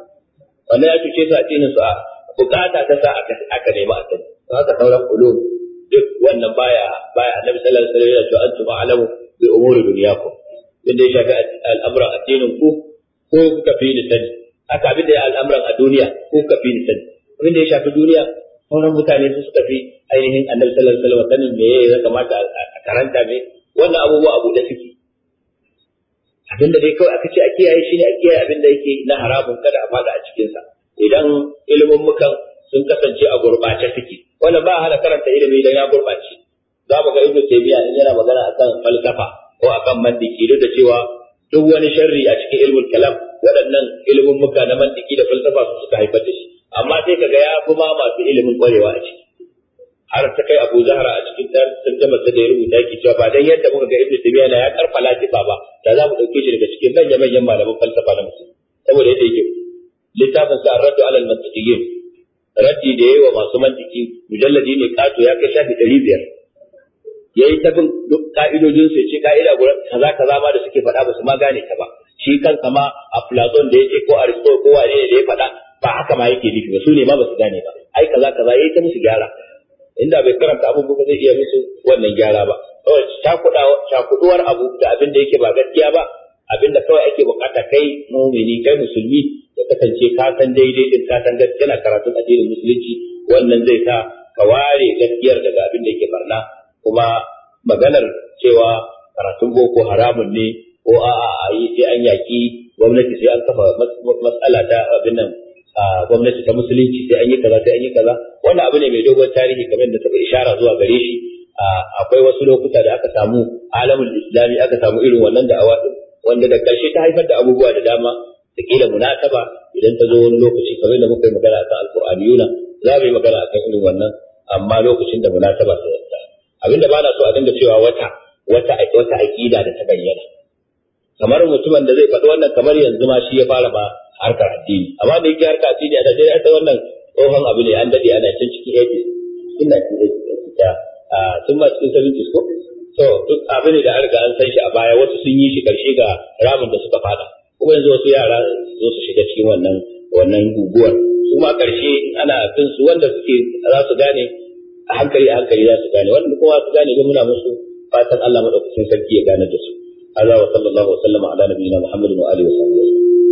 wannan ya cuce su a cikin su a bukata ta sa aka aka nemi a kai haka sauran ulum duk wannan baya baya annabi sallallahu alaihi wasallam ya ce antum a'lamu bi umuri dunyakum inda ya shafi al'amuran addinin ku ko kuka fi ni sani aka abin da ya al'amuran a duniya ko kuka fi ni sani abin da ya shafi duniya wannan mutane su suka fi ainihin annabi sallallahu alaihi wasallam sanin me ya kamata a karanta me wannan abubuwa abu da suke abin da dai kawai aka ce a kiyaye shi ne a kiyaye abin da yake na haramun kada a fada a cikin sa idan ilimin mukan sun kasance a gurbace suke wannan ba hana karanta ilimi idan ya gurbace za mu ga ibnu taymiya in yana magana akan falsafa ko akan mantiki duk da cewa duk wani sharri a cikin ilmul kalam waɗannan ilimin muka na mantiki da falsafa su suka haifar da shi amma sai kaga ya fi ma masu ilimin kwarewa a ciki har ta kai Abu Zahra a cikin tarjumar da ya rubuta yake cewa ba dan yadda muka ga Ibn Taymiyyah na ya karfa latifa ba da za mu dauke shi daga cikin manyan manyan malaman falsafa na musulmi saboda yadda yake littafin sa Ar-Radd 'ala al-Mantiqiyyin raddi da yayi wa masu mantiki mujalladi ne kato ya kai shafi 500 Ya yi ta bin duk ka'idojin su ce ka'ida guda kaza kaza ma da suke faɗa ba su ma gane ta ba shi kansa ma a Platon da ya yake ko Aristo ko wane ne da ya faɗa ba haka ma yake nufi ba su ne ma ba su gane ba ai kaza kaza yi ta musu gyara inda bai karanta abubuwa zai iya musu wannan gyara ba kawai cakuduwar abu da abin da yake ba gaskiya ba abin da kawai ake bukata kai mumini kai musulmi da kasance ka san daidai din ka san gaskiya karatun addinin musulunci wannan zai sa ka ware gaskiyar daga abin da yake barna kuma maganar cewa karatun boko haramun ne ko a'a a yi sai an yaki gwamnati sai an kafa matsala ta abin nan a gwamnati ta musulunci sai an yi kaza sai an yi kaza wannan abu ne mai dogon tarihi kamar da taɓa ishara zuwa gare shi akwai wasu lokuta da aka samu alamul islami aka samu irin wannan da awa. wanda da ƙarshe ta haifar da abubuwa da dama da kila munasaba idan ta zo wani lokaci kamar da muka yi magana akan alqur'aniyuna za mu yi magana akan irin wannan amma lokacin da munasaba ta abinda ba na so a dinga cewa wata wata wata aqida da ta bayyana kamar mutumin da zai faɗi wannan kamar yanzu ma shi ya fara ba harkar addini amma da yake harkar addini a Najeriya ta wannan tsohon abu ne an dade ana cin cikin aiki ina cikin aiki ta sun ma cikin sabin s ko to duk abin da an riga an san shi a baya wasu sun yi shi karshe ga ramin da suka fada kuma yanzu wasu yara zo su shiga cikin wannan wannan guguwar Kuma karshe ana bin su wanda suke za su gane a hankali a hankali za su gane wanda kowa su gane ga muna musu fatan Allah madaukakin sarki ya gane da su Allah wa sallallahu wa sallama ala nabiyina Muhammadin wa alihi wa sahbihi